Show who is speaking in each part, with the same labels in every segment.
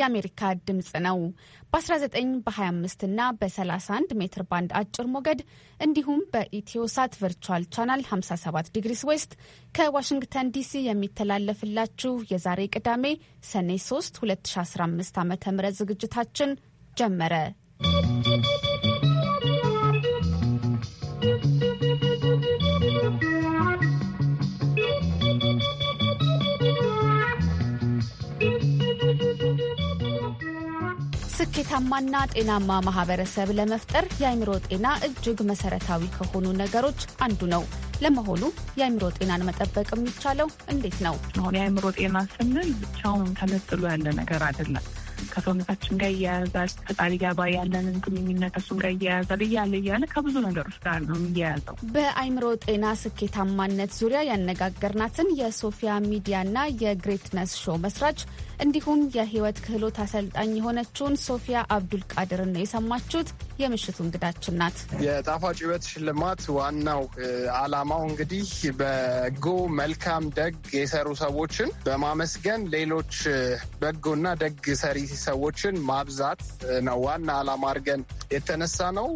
Speaker 1: የአሜሪካ ድምፅ ነው። በ19 በ25 እና በ31 ሜትር ባንድ አጭር ሞገድ እንዲሁም በኢትዮሳት ቨርቹዋል ቻናል 57 ዲግሪስ ዌስት ከዋሽንግተን ዲሲ የሚተላለፍላችሁ የዛሬ ቅዳሜ ሰኔ 3 2015 ዓ ም ዝግጅታችን ጀመረ። ስኬታማና ጤናማ ማህበረሰብ ለመፍጠር የአእምሮ ጤና እጅግ መሰረታዊ ከሆኑ ነገሮች አንዱ ነው። ለመሆኑ የአእምሮ ጤናን መጠበቅ የሚቻለው እንዴት ነው? አሁን የአእምሮ ጤና ስንል ብቻውን ተነጥሎ ያለ ነገር አይደለም። ከሰውነታችን ጋር እያያዛል። ፈጣሪ ጋባ ያለንን ግንኙነት እሱን ጋር እያያዛል። እያለ እያለ ከብዙ ነገሮች ጋር ነው እያያዘው። በአይምሮ ጤና ስኬታማነት ዙሪያ ያነጋገርናትን የሶፊያ ሚዲያና የግሬትነስ ሾው መስራች እንዲሁም የህይወት ክህሎት አሰልጣኝ የሆነችውን ሶፊያ አብዱል ቃድርን ነው የሰማችሁት። የምሽቱ እንግዳችን ናት።
Speaker 2: የጣፋጭ ህይወት ሽልማት ዋናው አላማው እንግዲህ በጎ መልካም ደግ የሰሩ ሰዎችን በማመስገን ሌሎች በጎና ደግ ሰሪ ሰዎችን ማብዛት ነው ዋና አላማ አድርገን የተነሳ ነው።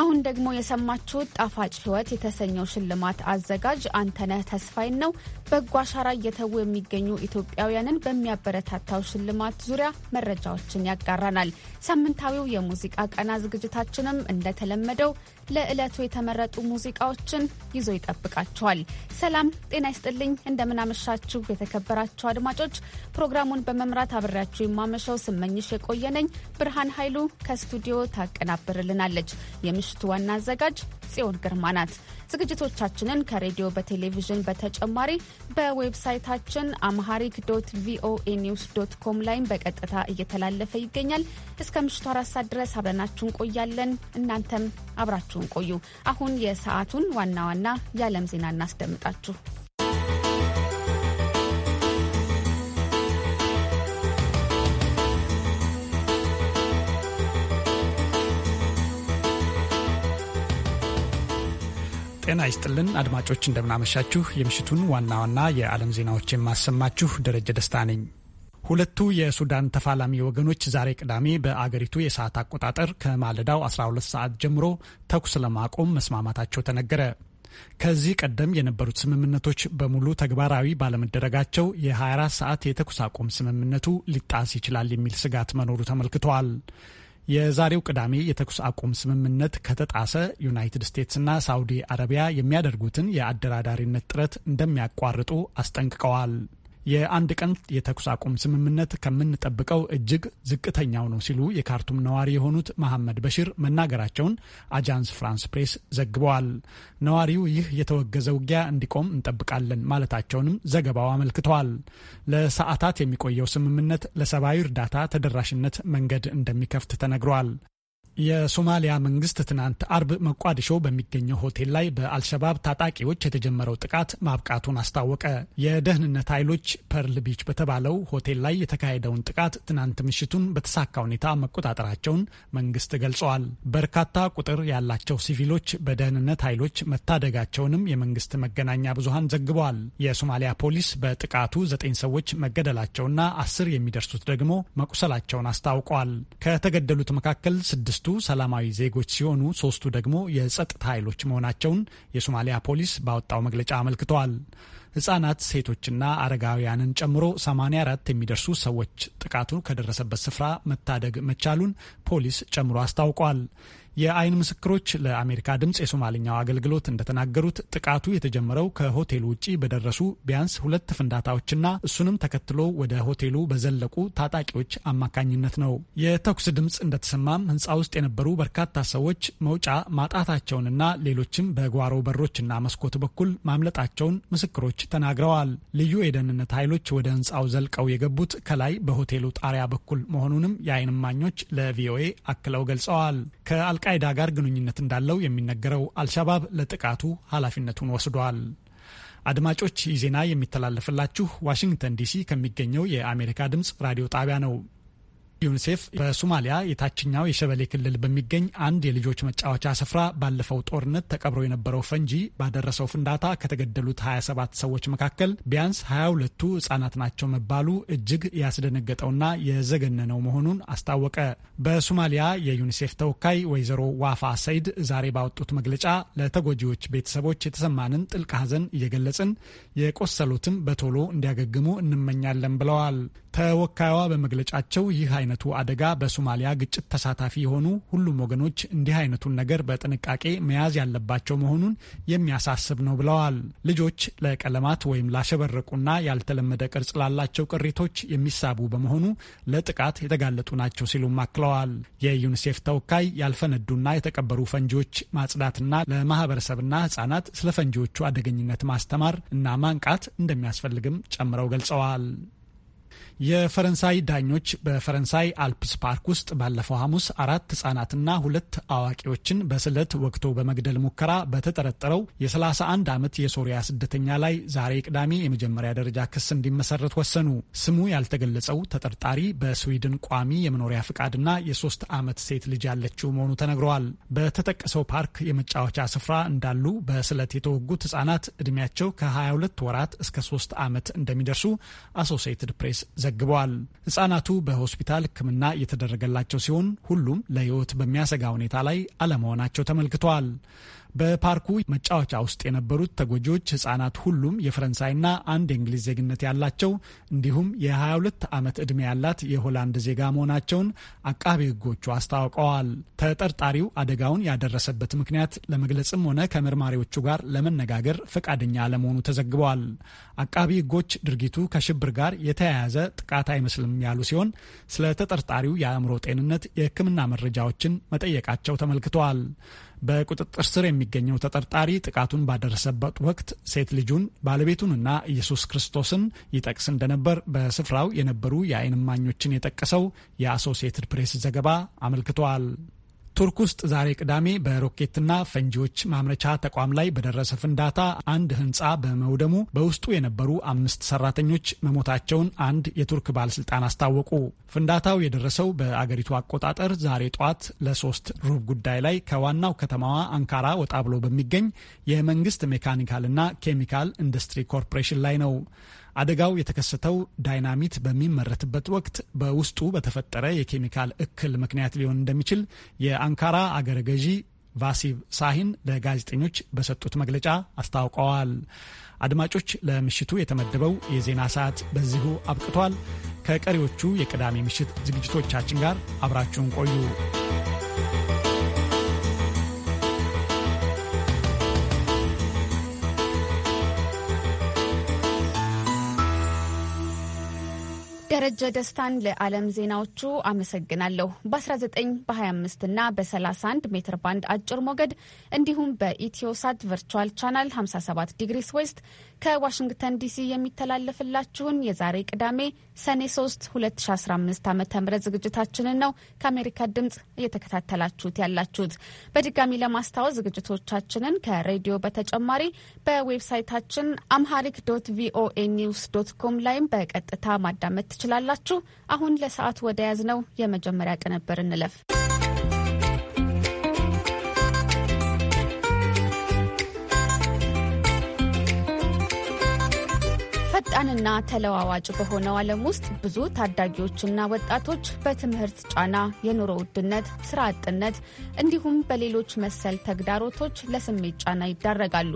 Speaker 1: አሁን ደግሞ የሰማችሁት ጣፋጭ ሕይወት የተሰኘው ሽልማት አዘጋጅ አንተነህ ተስፋይን ነው። በጎ አሻራ እየተዉ የሚገኙ ኢትዮጵያውያንን በሚያበረታታው ሽልማት ዙሪያ መረጃዎችን ያጋራናል። ሳምንታዊው የሙዚቃ ቀና ዝግጅታችንም እንደተለመደው ለዕለቱ የተመረጡ ሙዚቃዎችን ይዞ ይጠብቃችኋል። ሰላም ጤና ይስጥልኝ። እንደምናመሻችሁ የተከበራችሁ አድማጮች፣ ፕሮግራሙን በመምራት አብሬያችሁ የማመሸው ስመኝሽ የቆየነኝ። ብርሃን ኃይሉ ከስቱዲዮ ታቀናብርልናለች። የምሽቱ ዋና አዘጋጅ ጽዮን ግርማ ናት። ዝግጅቶቻችንን ከሬዲዮ በቴሌቪዥን በተጨማሪ በዌብሳይታችን አምሃሪክ ዶት ቪኦኤ ኒውስ ዶት ኮም ላይም በቀጥታ እየተላለፈ ይገኛል። እስከ ምሽቱ አራት ሰዓት ድረስ አብረናችሁን ቆያለን። እናንተም አብራችሁን ቆዩ። አሁን የሰዓቱን ዋና ዋና የዓለም ዜና እናስደምጣችሁ።
Speaker 3: ጤና ይስጥልን አድማጮች፣ እንደምናመሻችሁ። የምሽቱን ዋና ዋና የዓለም ዜናዎች የማሰማችሁ ደረጀ ደስታ ነኝ። ሁለቱ የሱዳን ተፋላሚ ወገኖች ዛሬ ቅዳሜ በአገሪቱ የሰዓት አቆጣጠር ከማለዳው 12 ሰዓት ጀምሮ ተኩስ ለማቆም መስማማታቸው ተነገረ። ከዚህ ቀደም የነበሩት ስምምነቶች በሙሉ ተግባራዊ ባለመደረጋቸው የ24 ሰዓት የተኩስ አቁም ስምምነቱ ሊጣስ ይችላል የሚል ስጋት መኖሩ ተመልክተዋል። የዛሬው ቅዳሜ የተኩስ አቁም ስምምነት ከተጣሰ ዩናይትድ ስቴትስና ሳውዲ አረቢያ የሚያደርጉትን የአደራዳሪነት ጥረት እንደሚያቋርጡ አስጠንቅቀዋል። የአንድ ቀን የተኩስ አቁም ስምምነት ከምንጠብቀው እጅግ ዝቅተኛው ነው ሲሉ የካርቱም ነዋሪ የሆኑት መሐመድ በሽር መናገራቸውን አጃንስ ፍራንስ ፕሬስ ዘግበዋል። ነዋሪው ይህ የተወገዘ ውጊያ እንዲቆም እንጠብቃለን ማለታቸውንም ዘገባው አመልክተዋል። ለሰዓታት የሚቆየው ስምምነት ለሰብአዊ እርዳታ ተደራሽነት መንገድ እንደሚከፍት ተነግሯል። የሶማሊያ መንግስት ትናንት አርብ መቋዲሾ በሚገኘው ሆቴል ላይ በአልሸባብ ታጣቂዎች የተጀመረው ጥቃት ማብቃቱን አስታወቀ። የደህንነት ኃይሎች ፐርል ቢች በተባለው ሆቴል ላይ የተካሄደውን ጥቃት ትናንት ምሽቱን በተሳካ ሁኔታ መቆጣጠራቸውን መንግስት ገልጸዋል። በርካታ ቁጥር ያላቸው ሲቪሎች በደህንነት ኃይሎች መታደጋቸውንም የመንግስት መገናኛ ብዙሃን ዘግበዋል። የሶማሊያ ፖሊስ በጥቃቱ ዘጠኝ ሰዎች መገደላቸውና አስር የሚደርሱት ደግሞ መቁሰላቸውን አስታውቀዋል። ከተገደሉት መካከል ስድስቱ ሁለቱ ሰላማዊ ዜጎች ሲሆኑ ሶስቱ ደግሞ የጸጥታ ኃይሎች መሆናቸውን የሶማሊያ ፖሊስ ባወጣው መግለጫ አመልክተዋል። ህጻናት፣ ሴቶችና አረጋውያንን ጨምሮ 84 የሚደርሱ ሰዎች ጥቃቱ ከደረሰበት ስፍራ መታደግ መቻሉን ፖሊስ ጨምሮ አስታውቋል። የአይን ምስክሮች ለአሜሪካ ድምፅ የሶማልኛው አገልግሎት እንደተናገሩት ጥቃቱ የተጀመረው ከሆቴሉ ውጪ በደረሱ ቢያንስ ሁለት ፍንዳታዎችና እሱንም ተከትሎ ወደ ሆቴሉ በዘለቁ ታጣቂዎች አማካኝነት ነው። የተኩስ ድምፅ እንደተሰማም ሕንፃ ውስጥ የነበሩ በርካታ ሰዎች መውጫ ማጣታቸውንና ሌሎችም በጓሮ በሮችና መስኮት በኩል ማምለጣቸውን ምስክሮች ተናግረዋል። ልዩ የደህንነት ኃይሎች ወደ ሕንፃው ዘልቀው የገቡት ከላይ በሆቴሉ ጣሪያ በኩል መሆኑንም የአይን እማኞች ለቪኦኤ አክለው ገልጸዋል። ከአልቃይዳ ጋር ግንኙነት እንዳለው የሚነገረው አልሻባብ ለጥቃቱ ኃላፊነቱን ወስዷል። አድማጮች ይህ ዜና የሚተላለፍላችሁ ዋሽንግተን ዲሲ ከሚገኘው የአሜሪካ ድምፅ ራዲዮ ጣቢያ ነው። ዩኒሴፍ በሶማሊያ የታችኛው የሸበሌ ክልል በሚገኝ አንድ የልጆች መጫወቻ ስፍራ ባለፈው ጦርነት ተቀብሮ የነበረው ፈንጂ ባደረሰው ፍንዳታ ከተገደሉት 27 ሰዎች መካከል ቢያንስ 22ቱ ህጻናት ናቸው መባሉ እጅግ ያስደነገጠውና የዘገነነው መሆኑን አስታወቀ። በሶማሊያ የዩኒሴፍ ተወካይ ወይዘሮ ዋፋ ሰይድ ዛሬ ባወጡት መግለጫ ለተጎጂዎች ቤተሰቦች የተሰማንን ጥልቅ ሐዘን እየገለጽን የቆሰሉትም በቶሎ እንዲያገግሙ እንመኛለን ብለዋል። ተወካይዋ በመግለጫቸው ይህ አይነቱ አደጋ በሶማሊያ ግጭት ተሳታፊ የሆኑ ሁሉም ወገኖች እንዲህ አይነቱን ነገር በጥንቃቄ መያዝ ያለባቸው መሆኑን የሚያሳስብ ነው ብለዋል። ልጆች ለቀለማት ወይም ላሸበረቁና ያልተለመደ ቅርጽ ላላቸው ቅሪቶች የሚሳቡ በመሆኑ ለጥቃት የተጋለጡ ናቸው ሲሉም አክለዋል። የዩኒሴፍ ተወካይ ያልፈነዱና የተቀበሩ ፈንጂዎች ማጽዳትና ለማህበረሰብና ህጻናት ስለ ፈንጂዎቹ አደገኝነት ማስተማር እና ማንቃት እንደሚያስፈልግም ጨምረው ገልጸዋል። የፈረንሳይ ዳኞች በፈረንሳይ አልፕስ ፓርክ ውስጥ ባለፈው ሐሙስ አራት ህጻናትና ሁለት አዋቂዎችን በስለት ወቅቶ በመግደል ሙከራ በተጠረጠረው የ31 ዓመት የሶሪያ ስደተኛ ላይ ዛሬ ቅዳሜ የመጀመሪያ ደረጃ ክስ እንዲመሰረት ወሰኑ። ስሙ ያልተገለጸው ተጠርጣሪ በስዊድን ቋሚ የመኖሪያ ፍቃድና የሶስት ዓመት ሴት ልጅ ያለችው መሆኑ ተነግረዋል። በተጠቀሰው ፓርክ የመጫወቻ ስፍራ እንዳሉ በስለት የተወጉት ህጻናት ዕድሜያቸው ከ22 ወራት እስከ 3 ዓመት እንደሚደርሱ አሶሴትድ ፕሬስ ዘግበዋል። ህጻናቱ በሆስፒታል ሕክምና እየተደረገላቸው ሲሆን ሁሉም ለህይወት በሚያሰጋ ሁኔታ ላይ አለመሆናቸው ተመልክተዋል። በፓርኩ መጫወቻ ውስጥ የነበሩት ተጎጂዎች ህጻናት ሁሉም የፈረንሳይና አንድ የእንግሊዝ ዜግነት ያላቸው እንዲሁም የ22 ዓመት ዕድሜ ያላት የሆላንድ ዜጋ መሆናቸውን አቃቤ ህጎቹ አስታውቀዋል። ተጠርጣሪው አደጋውን ያደረሰበት ምክንያት ለመግለጽም ሆነ ከመርማሪዎቹ ጋር ለመነጋገር ፈቃደኛ አለመሆኑ ተዘግበዋል። አቃቢ ህጎች ድርጊቱ ከሽብር ጋር የተያያዘ ጥቃት አይመስልም ያሉ ሲሆን ስለ ተጠርጣሪው የአእምሮ ጤንነት የሕክምና መረጃዎችን መጠየቃቸው ተመልክተዋል። በቁጥጥር ስር የሚገኘው ተጠርጣሪ ጥቃቱን ባደረሰበት ወቅት ሴት ልጁን ባለቤቱንና ኢየሱስ ክርስቶስን ይጠቅስ እንደነበር በስፍራው የነበሩ የአይን እማኞችን የጠቀሰው የአሶሲየትድ ፕሬስ ዘገባ አመልክቷል። ቱርክ ውስጥ ዛሬ ቅዳሜ በሮኬትና ፈንጂዎች ማምረቻ ተቋም ላይ በደረሰ ፍንዳታ አንድ ሕንፃ በመውደሙ በውስጡ የነበሩ አምስት ሰራተኞች መሞታቸውን አንድ የቱርክ ባለስልጣን አስታወቁ። ፍንዳታው የደረሰው በአገሪቱ አቆጣጠር ዛሬ ጠዋት ለሶስት ሩብ ጉዳይ ላይ ከዋናው ከተማዋ አንካራ ወጣ ብሎ በሚገኝ የመንግስት ሜካኒካልና ኬሚካል ኢንዱስትሪ ኮርፖሬሽን ላይ ነው። አደጋው የተከሰተው ዳይናሚት በሚመረትበት ወቅት በውስጡ በተፈጠረ የኬሚካል እክል ምክንያት ሊሆን እንደሚችል የአንካራ አገረ ገዢ ቫሲቭ ሳሂን ለጋዜጠኞች በሰጡት መግለጫ አስታውቀዋል። አድማጮች፣ ለምሽቱ የተመደበው የዜና ሰዓት በዚሁ አብቅቷል። ከቀሪዎቹ የቅዳሜ ምሽት ዝግጅቶቻችን ጋር አብራችሁን ቆዩ።
Speaker 1: ደረጀ ደስታን ለዓለም ዜናዎቹ አመሰግናለሁ። በ19 በ25 እና በ31 ሜትር ባንድ አጭር ሞገድ እንዲሁም በኢትዮሳት ቨርቹዋል ቻናል 57 ዲግሪስ ዌስት ከዋሽንግተን ዲሲ የሚተላለፍላችሁን የዛሬ ቅዳሜ ሰኔ 3 2015 ዓ ም ዝግጅታችንን ነው ከአሜሪካ ድምፅ እየተከታተላችሁት ያላችሁት። በድጋሚ ለማስታወስ ዝግጅቶቻችንን ከሬዲዮ በተጨማሪ በዌብሳይታችን አምሃሪክ ዶት ቪኦኤ ኒውስ ዶት ኮም ላይም በቀጥታ ማዳመጥ ትችላል ትችላላችሁ። አሁን ለሰዓት ወደ ያዝነው የመጀመሪያ ቅንብር እንለፍ። ፈጣንና ተለዋዋጭ በሆነው ዓለም ውስጥ ብዙ ታዳጊዎችና ወጣቶች በትምህርት ጫና፣ የኑሮ ውድነት፣ ስራ አጥነት እንዲሁም በሌሎች መሰል ተግዳሮቶች ለስሜት ጫና ይዳረጋሉ።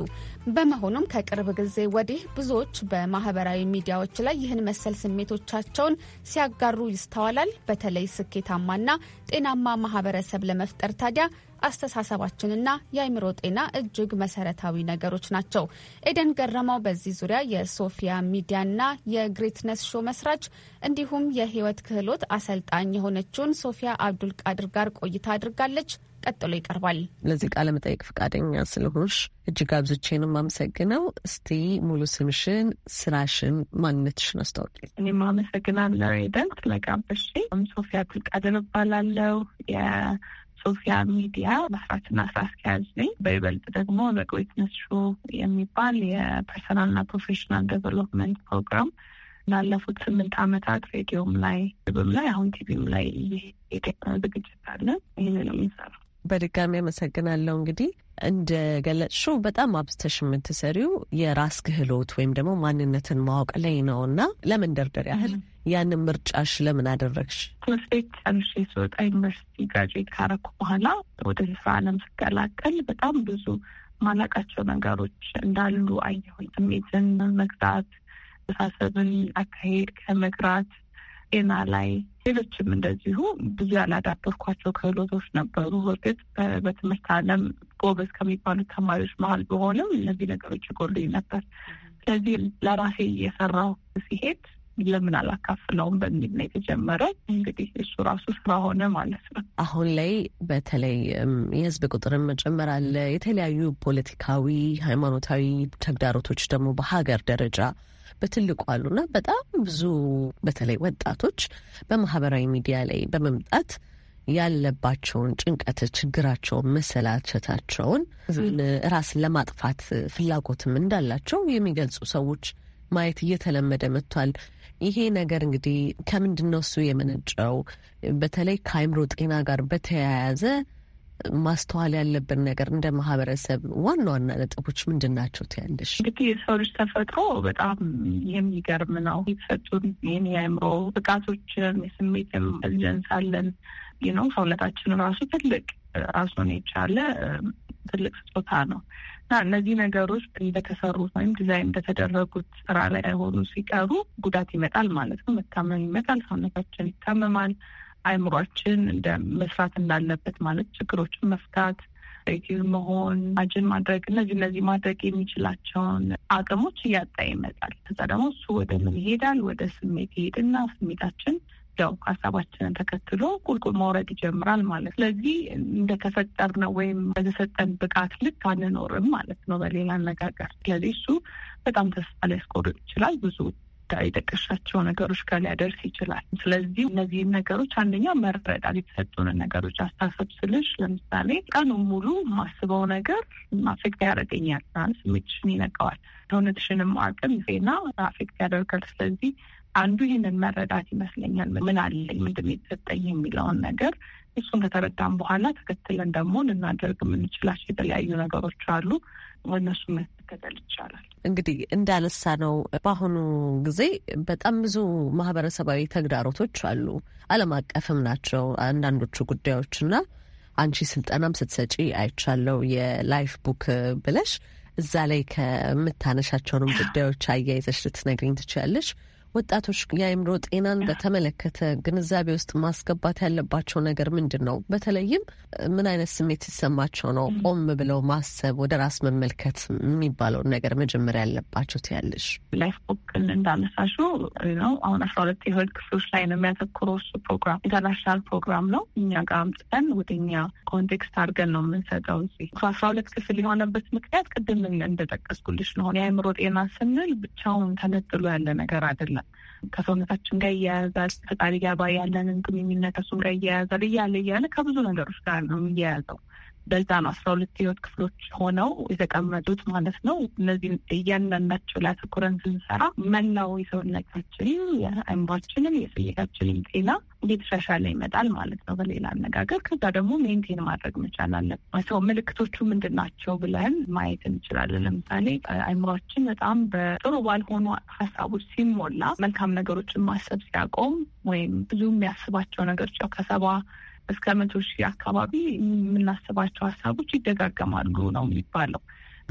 Speaker 1: በመሆኑም ከቅርብ ጊዜ ወዲህ ብዙዎች በማህበራዊ ሚዲያዎች ላይ ይህን መሰል ስሜቶቻቸውን ሲያጋሩ ይስተዋላል። በተለይ ስኬታማና ጤናማ ማህበረሰብ ለመፍጠር ታዲያ አስተሳሰባችንና የአይምሮ ጤና እጅግ መሰረታዊ ነገሮች ናቸው። ኤደን ገረመው በዚህ ዙሪያ የሶፊያ ሚዲያና የግሬትነስ ሾ መስራች እንዲሁም የህይወት ክህሎት አሰልጣኝ የሆነችውን ሶፊያ አብዱል ቃድር ጋር ቆይታ አድርጋለች። ቀጥሎ ይቀርባል።
Speaker 4: ለዚህ ቃለ መጠይቅ ፈቃደኛ ስለሆንሽ እጅግ አብዝቼ ነው የማመሰግነው። እስቲ ሙሉ ስምሽን፣ ስራሽን፣ ማንነትሽን አስታውቂ። እኔ
Speaker 5: አመሰግናለሁ
Speaker 4: ኤደን ስለጋበዝሽኝ።
Speaker 5: ሶፊያ አብዱል ቃድር እባላለሁ። ሶሲያል ሚዲያ መስራችና ስራ አስኪያጅ ነኝ። በይበልጥ ደግሞ ዘ ሹ ሾው የሚባል የፐርሰናልና ፕሮፌሽናል ዴቨሎፕመንት ፕሮግራም ላለፉት ስምንት ዓመታት ሬዲዮም ላይ ብም ላይ
Speaker 4: አሁን ቲቪም ላይ ዝግጅት አለን። ይህንንም ይሰራ በድጋሚ አመሰግናለሁ። እንግዲህ እንደ ገለጽሽው በጣም አብዝተሽ የምትሰሪው የራስ ክህሎት ወይም ደግሞ ማንነትን ማወቅ ላይ ነው እና ለመንደርደር ያህል ያንን ምርጫሽ ለምን አደረግሽ? ትምህርት ቤት ጨርሼ ስወጣ ዩኒቨርሲቲ
Speaker 5: ጋጅዌት ካረኩ
Speaker 4: በኋላ ወደ ስራ አለም
Speaker 5: ስቀላቀል በጣም ብዙ ማላቃቸው ነገሮች እንዳሉ አየሁኝ። ስሜትን መግዛት፣ አስተሳሰብን አካሄድ ከመግራት ጤና ላይ ሌሎችም እንደዚሁ ብዙ ያላዳበርኳቸው ክህሎቶች ነበሩ። እርግጥ በትምህርት ዓለም ጎበዝ ከሚባሉት ተማሪዎች መሀል በሆንም እነዚህ ነገሮች ይጎሉኝ ነበር። ስለዚህ ለራሴ እየሰራው ሲሄድ ለምን አላካፍለውም በሚል ነው የተጀመረው። እንግዲህ እሱ ራሱ ስራ ሆነ ማለት ነው።
Speaker 4: አሁን ላይ በተለይ የህዝብ ቁጥርን መጨመር አለ። የተለያዩ ፖለቲካዊ፣ ሃይማኖታዊ ተግዳሮቶች ደግሞ በሀገር ደረጃ በትልቁ አሉና በጣም ብዙ በተለይ ወጣቶች በማህበራዊ ሚዲያ ላይ በመምጣት ያለባቸውን ጭንቀት፣ ችግራቸውን፣ መሰላቸታቸውን ራስን ለማጥፋት ፍላጎትም እንዳላቸው የሚገልጹ ሰዎች ማየት እየተለመደ መጥቷል። ይሄ ነገር እንግዲህ ከምንድን ነው እሱ የመነጨው? በተለይ ከአይምሮ ጤና ጋር በተያያዘ ማስተዋል ያለብን ነገር እንደ ማህበረሰብ ዋና ዋና ነጥቦች ምንድን ናቸው ትያለሽ? እንግዲህ
Speaker 5: የሰው ልጅ ተፈጥሮ በጣም
Speaker 4: የሚገርም ነው። የተሰጡን ይህን የአእምሮ ብቃቶችን የስሜት
Speaker 5: ኢንተልጀንስ አለን ነው። ሰውነታችን ራሱ ትልቅ ራሱን የቻለ ትልቅ ስጦታ ነው እና እነዚህ ነገሮች እንደተሰሩት ወይም ዲዛይን እንደተደረጉት ስራ ላይ አይሆኑ ሲቀሩ ጉዳት ይመጣል ማለት ነው። መታመም ይመጣል፣ ሰውነታችን ይታመማል። አይምሯችን እንደ መስራት እንዳለበት ማለት ችግሮችን መፍታት ኢፌክቲቭ መሆን አጅን ማድረግ እነዚህ እነዚህ ማድረግ የሚችላቸውን አቅሞች እያጣ ይመጣል። ከዛ ደግሞ እሱ ወደ ምን ይሄዳል? ወደ ስሜት ይሄድና ስሜታችን ያው ሀሳባችንን ተከትሎ ቁልቁል መውረድ ይጀምራል ማለት ስለዚህ እንደ ነው ወይም በተሰጠን ብቃት ልክ አንኖርም ማለት ነው በሌላ አነጋገር። ስለዚህ እሱ በጣም ተስፋ ሊያስቆርጥ ይችላል ብዙ የጠቀሻቸው ነገሮች ጋር ሊያደርስ ይችላል። ስለዚህ እነዚህን ነገሮች አንደኛ መረዳት የተሰጡን ነገሮች አስተሳሰብ ስልሽ ለምሳሌ ቀኑ ሙሉ ማስበው ነገር ማፌክት ያደርገኛል፣ ምችን ይነቀዋል፣ እውነትሽንም አቅም ዜና አፌክት ያደርጋል። ስለዚህ አንዱ ይህንን መረዳት ይመስለኛል። ምን አለኝ ምንድን የተሰጠኝ የሚለውን ነገር እሱን ከተረዳም በኋላ ተከትለን ደግሞ ልናደርግ
Speaker 4: የምንችላቸው የተለያዩ ነገሮች አሉ። እነሱ መከተል ይቻላል። እንግዲህ እንዳነሳ ነው በአሁኑ ጊዜ በጣም ብዙ ማህበረሰባዊ ተግዳሮቶች አሉ። ዓለም አቀፍም ናቸው አንዳንዶቹ ጉዳዮች እና አንቺ ስልጠናም ስትሰጪ አይቻለው የላይፍ ቡክ ብለሽ እዛ ላይ ከምታነሻቸውንም ጉዳዮች አያይዘሽ ልትነግሪኝ ትችላለሽ። ወጣቶች የአእምሮ ጤናን በተመለከተ ግንዛቤ ውስጥ ማስገባት ያለባቸው ነገር ምንድን ነው? በተለይም ምን አይነት ስሜት ሲሰማቸው ነው ቆም ብለው ማሰብ፣ ወደ ራስ መመልከት የሚባለውን ነገር መጀመሪያ ያለባቸው ትያለሽ? ላይፍ
Speaker 5: ኦፕን እንዳነሳሹ ነው። አሁን አስራ ሁለት የህይወት ክፍሎች ላይ ነው የሚያተኩረው እሱ ፕሮግራም። ኢንተርናሽናል ፕሮግራም ነው። እኛ ጋር አምጥተን ወደኛ ኮንቴክስት አድርገን ነው የምንሰጠው። እዚህ አስራ ሁለት ክፍል የሆነበት ምክንያት ቅድም እንደጠቀስኩልሽ ነው። የአእምሮ ጤና ስንል ብቻውን ተነጥሎ ያለ ነገር አይደለም። ከሰውነታችን ጋር እያያዛል። ፈጣሪ ጋባ ያለንን ግንኙነት እሱም ጋር እያያዛል። እያለ እያለ ከብዙ ነገሮች ጋር ነው እያያዘው በዛ ነው አስራ ሁለት ህይወት ክፍሎች ሆነው የተቀመጡት ማለት ነው። እነዚህ እያንዳንዳቸው ላይ አተኩረን ስንሰራ መላው የሰውነታችን የአእምሯችንን፣ የስሜታችንን ጤና እየተሻሻለ ይመጣል ማለት ነው በሌላ አነጋገር። ከዛ ደግሞ ሜንቴን ማድረግ መቻል አለብን። ሰው ምልክቶቹ ምንድን ናቸው ብለን ማየት እንችላለን። ለምሳሌ አእምሯችን በጣም በጥሩ ባልሆኑ ሀሳቦች ሲሞላ መልካም ነገሮችን ማሰብ ሲያቆም ወይም ብዙ የሚያስባቸው ነገሮች ያው ከሰባ እስከ መቶ ሺህ አካባቢ የምናስባቸው ሀሳቦች ይደጋገማሉ ነው የሚባለው።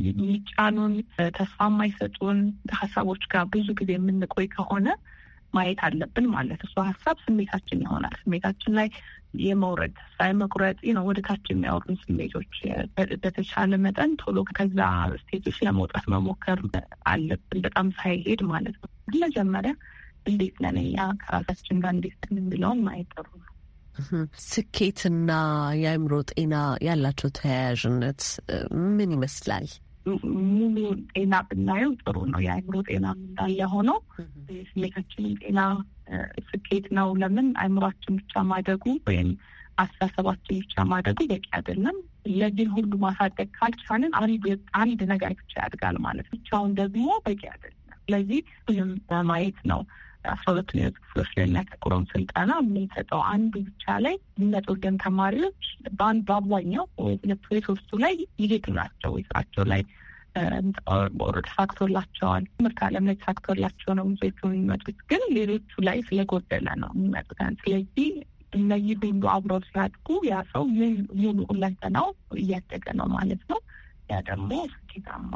Speaker 5: የሚጫኑን ተስፋ የማይሰጡን ሀሳቦች ጋር ብዙ ጊዜ የምንቆይ ከሆነ ማየት አለብን ማለት እሱ ሀሳብ ስሜታችን ይሆናል። ስሜታችን ላይ የመውረድ ተስፋ የመቁረጥ ነው ወደ ታች የሚያወሩን ስሜቶች በተቻለ መጠን ቶሎ ከዛ ስቴቶች ለመውጣት መሞከር አለብን። በጣም ሳይሄድ ማለት ነው። መጀመሪያ እንዴት ነን እኛ ከራሳችን ጋር እንዴት እንለውን ማየት ጥሩ ነው።
Speaker 4: ስኬትና የአእምሮ ጤና ያላቸው ተያያዥነት ምን ይመስላል? ሙሉ ጤና ብናየው ጥሩ ነው። የአእምሮ ጤና
Speaker 5: እንዳለ ሆኖ የስሜታችንም ጤና ስኬት ነው። ለምን አእምሯችን ብቻ ማደጉ ወይም አስተሳሰባችን ብቻ ማደጉ በቂ አይደለም። ለዚህ ሁሉ ማሳደግ ካልቻልን አንድ ነገር ብቻ ያድጋል ማለት ብቻውን ደግሞ በቂ አይደለም። ስለዚህ ሁሉም በማየት ነው አስራ ሁለተኛ ክፍሎች ላይ የሚያተኩረውን ስልጠና የምንሰጠው አንዱ ብቻ ላይ የሚመጡትን ተማሪዎች በአንድ በአብዛኛው ሁለቱ የሶስቱ ላይ ይሄቱ ናቸው ወይስራቸው ላይ ተሳክቶላቸዋል። ትምህርት ዓለም ላይ ተሳክቶላቸው ነው ብዙዎቹ የሚመጡት፣ ግን ሌሎቹ ላይ ስለጎደለ ነው የሚመጡት። ስለዚህ እነዚህ ሁሉ አብረው ሲያድጉ ያ ሰው ይህሉ ሁለንተናው እያደገ ነው ማለት ነው። ያ ደግሞ ስኬታማ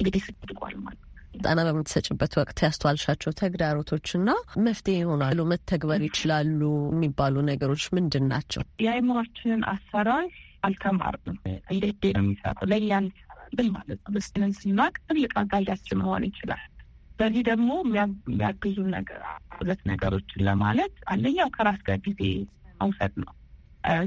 Speaker 4: እንግዲህ ስድጓል ማለት ነው። ስልጠና በምትሰጭበት ወቅት ያስተዋልሻቸው ተግዳሮቶችና መፍትሄ ይሆናሉ መተግበር ይችላሉ የሚባሉ ነገሮች ምንድን ናቸው?
Speaker 5: የአይምሯችንን አሰራር አልተማርንም። እንዴት ነው የሚሰራው? ብል ማለት ነው። ምስልን ስናቅ ትልቅ አጋዣችን መሆን ይችላል። በዚህ ደግሞ የሚያግዙ ነገር ሁለት ነገሮችን ለማለት አንደኛው ከራስ ጋር ጊዜ መውሰድ ነው።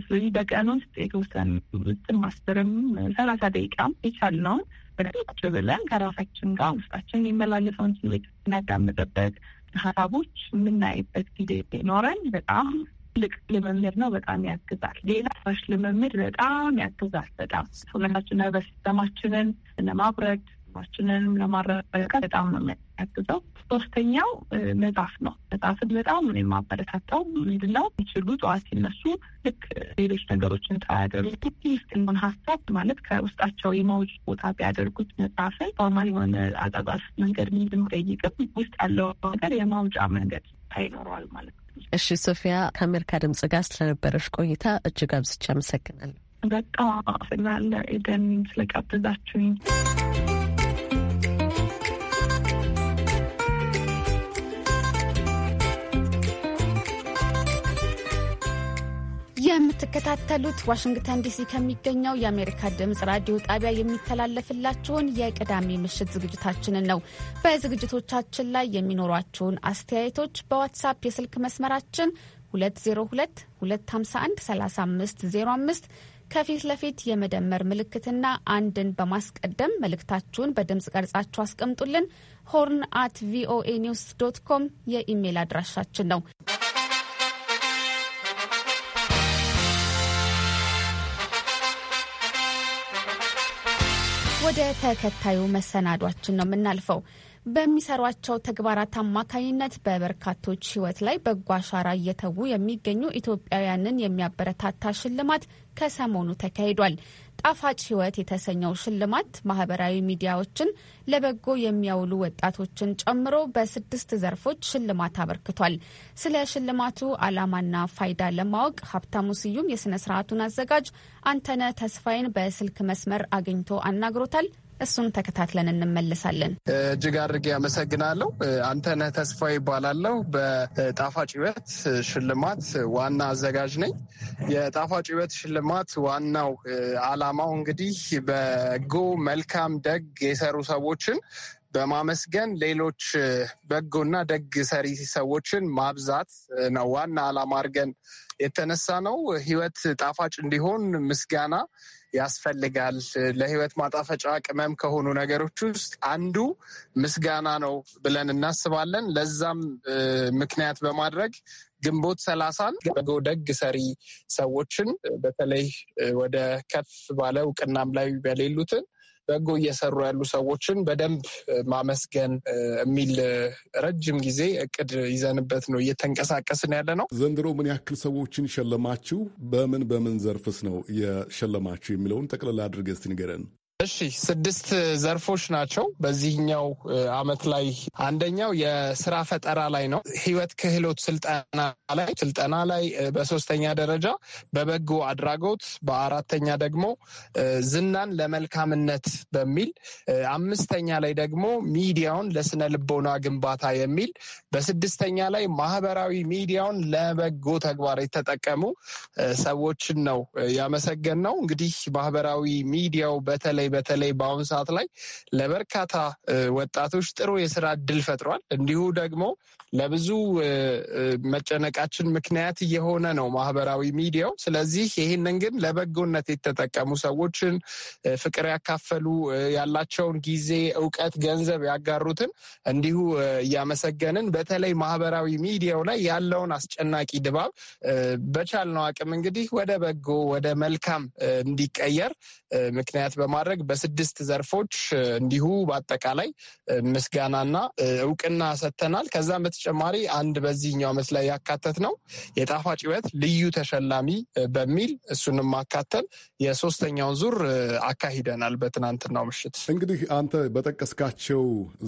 Speaker 5: ስለዚህ በቀን ውስጥ የተወሰኑ ውስጥ ማስርም ሰላሳ ደቂቃም የቻልነውን በደቃቸ ብለን ከራሳችን ጋር ውስጣችን የሚመላለሰውን ስሜት ስናዳምጥበት ሀሳቦች የምናይበት ጊዜ ኖረን በጣም ትልቅ ልምምድ ነው። በጣም ያግዛል። ሌላ ፍራሽ ልምምድ በጣም ያግዛል። በጣም ሰውነታችን በሲስተማችንን ሲስተማችንን ለማብረድ ችንንም ለማረጋገጥ በጣም ነው የሚያግዘው። ሶስተኛው መጽሐፍ ነው። መጽሐፍን በጣም ነው የማበረታታው። ምንድነው ይችሉ ጠዋት ሲነሱ ልክ ሌሎች ነገሮችን ሳያደርጉ ውስጥ የሆነ ሀሳብ ማለት ከውስጣቸው የማውጭ ቦታ ቢያደርጉት መጽሐፍን በማ የሆነ አጻጻፍ መንገድ ምንድን ጠይቅም ውስጥ ያለው ነገር የማውጫ መንገድ ይኖረዋል ማለት ነው።
Speaker 4: እሺ ሶፊያ፣ ከአሜሪካ ድምጽ ጋር ስለነበረች ቆይታ እጅግ አብዝቼ አመሰግናለሁ።
Speaker 5: በጣም አመሰግናለሁ ኤደን ስለጋበዛችሁኝ።
Speaker 1: የምትከታተሉት ዋሽንግተን ዲሲ ከሚገኘው የአሜሪካ ድምፅ ራዲዮ ጣቢያ የሚተላለፍላችሁን የቅዳሜ ምሽት ዝግጅታችንን ነው። በዝግጅቶቻችን ላይ የሚኖሯችሁን አስተያየቶች በዋትሳፕ የስልክ መስመራችን 2022513505 ከፊት ለፊት የመደመር ምልክትና አንድን በማስቀደም መልእክታችሁን በድምፅ ቀርጻችሁ አስቀምጡልን። ሆርን አት ቪኦኤ ኒውስ ዶት ኮም የኢሜይል አድራሻችን ነው። ወደ ተከታዩ መሰናዷችን ነው የምናልፈው። በሚሰሯቸው ተግባራት አማካኝነት በበርካቶች ሕይወት ላይ በጎ አሻራ እየተዉ የሚገኙ ኢትዮጵያውያንን የሚያበረታታ ሽልማት ከሰሞኑ ተካሂዷል። ጣፋጭ ሕይወት የተሰኘው ሽልማት ማህበራዊ ሚዲያዎችን ለበጎ የሚያውሉ ወጣቶችን ጨምሮ በስድስት ዘርፎች ሽልማት አበርክቷል። ስለ ሽልማቱ ዓላማና ፋይዳ ለማወቅ ሀብታሙ ስዩም የሥነ ስርዓቱን አዘጋጅ አንተነ ተስፋዬን በስልክ መስመር አግኝቶ አናግሮታል። እሱን ተከታትለን እንመለሳለን።
Speaker 2: እጅግ አድርጌ አመሰግናለሁ። አንተነህ ተስፋ ይባላለሁ። በጣፋጭ ህይወት ሽልማት ዋና አዘጋጅ ነኝ። የጣፋጭ ሕይወት ሽልማት ዋናው አላማው እንግዲህ በጎ መልካም፣ ደግ የሰሩ ሰዎችን በማመስገን ሌሎች በጎና ደግ ሰሪ ሰዎችን ማብዛት ነው ዋና አላማ አድርገን የተነሳ ነው። ህይወት ጣፋጭ እንዲሆን ምስጋና ያስፈልጋል። ለህይወት ማጣፈጫ ቅመም ከሆኑ ነገሮች ውስጥ አንዱ ምስጋና ነው ብለን እናስባለን። ለዛም ምክንያት በማድረግ ግንቦት ሰላሳን በጎ ደግ ሰሪ ሰዎችን በተለይ ወደ ከፍ ባለ እውቅናም ላይ በሌሉትን በጎ እየሰሩ ያሉ ሰዎችን በደንብ ማመስገን የሚል
Speaker 6: ረጅም ጊዜ እቅድ ይዘንበት ነው እየተንቀሳቀስን ያለ ነው። ዘንድሮ ምን ያክል ሰዎችን ሸለማችሁ? በምን በምን ዘርፍስ ነው የሸለማችሁ የሚለውን ጠቅላላ አድርገስ ንገረን።
Speaker 2: እሺ ስድስት ዘርፎች ናቸው በዚህኛው አመት ላይ። አንደኛው የስራ ፈጠራ ላይ ነው፣ ህይወት ክህሎት ስልጠና ላይ ስልጠና ላይ በሶስተኛ ደረጃ በበጎ አድራጎት፣ በአራተኛ ደግሞ ዝናን ለመልካምነት በሚል አምስተኛ ላይ ደግሞ ሚዲያውን ለስነ ልቦና ግንባታ የሚል በስድስተኛ ላይ ማህበራዊ ሚዲያውን ለበጎ ተግባር የተጠቀሙ ሰዎችን ነው ያመሰገን ነው። እንግዲህ ማህበራዊ ሚዲያው በተለይ በተለይ በአሁኑ ሰዓት ላይ ለበርካታ ወጣቶች ጥሩ የስራ እድል ፈጥሯል። እንዲሁ ደግሞ ለብዙ መጨነቃችን ምክንያት እየሆነ ነው ማህበራዊ ሚዲያው። ስለዚህ ይህንን ግን ለበጎነት የተጠቀሙ ሰዎችን ፍቅር ያካፈሉ ያላቸውን ጊዜ፣ እውቀት፣ ገንዘብ ያጋሩትን እንዲሁ እያመሰገንን በተለይ ማህበራዊ ሚዲያው ላይ ያለውን አስጨናቂ ድባብ በቻልነው አቅም እንግዲህ ወደ በጎ ወደ መልካም እንዲቀየር ምክንያት በማድረግ በስድስት ዘርፎች እንዲሁ በአጠቃላይ ምስጋናና እውቅና ሰጥተናል። ከዛም በተጨማሪ አንድ በዚህኛው አመት ላይ ያካተት ነው የጣፋጭ ህይወት ልዩ ተሸላሚ በሚል እሱንም ማካተል የሶስተኛውን ዙር
Speaker 6: አካሂደናል በትናንትናው ምሽት። እንግዲህ አንተ በጠቀስካቸው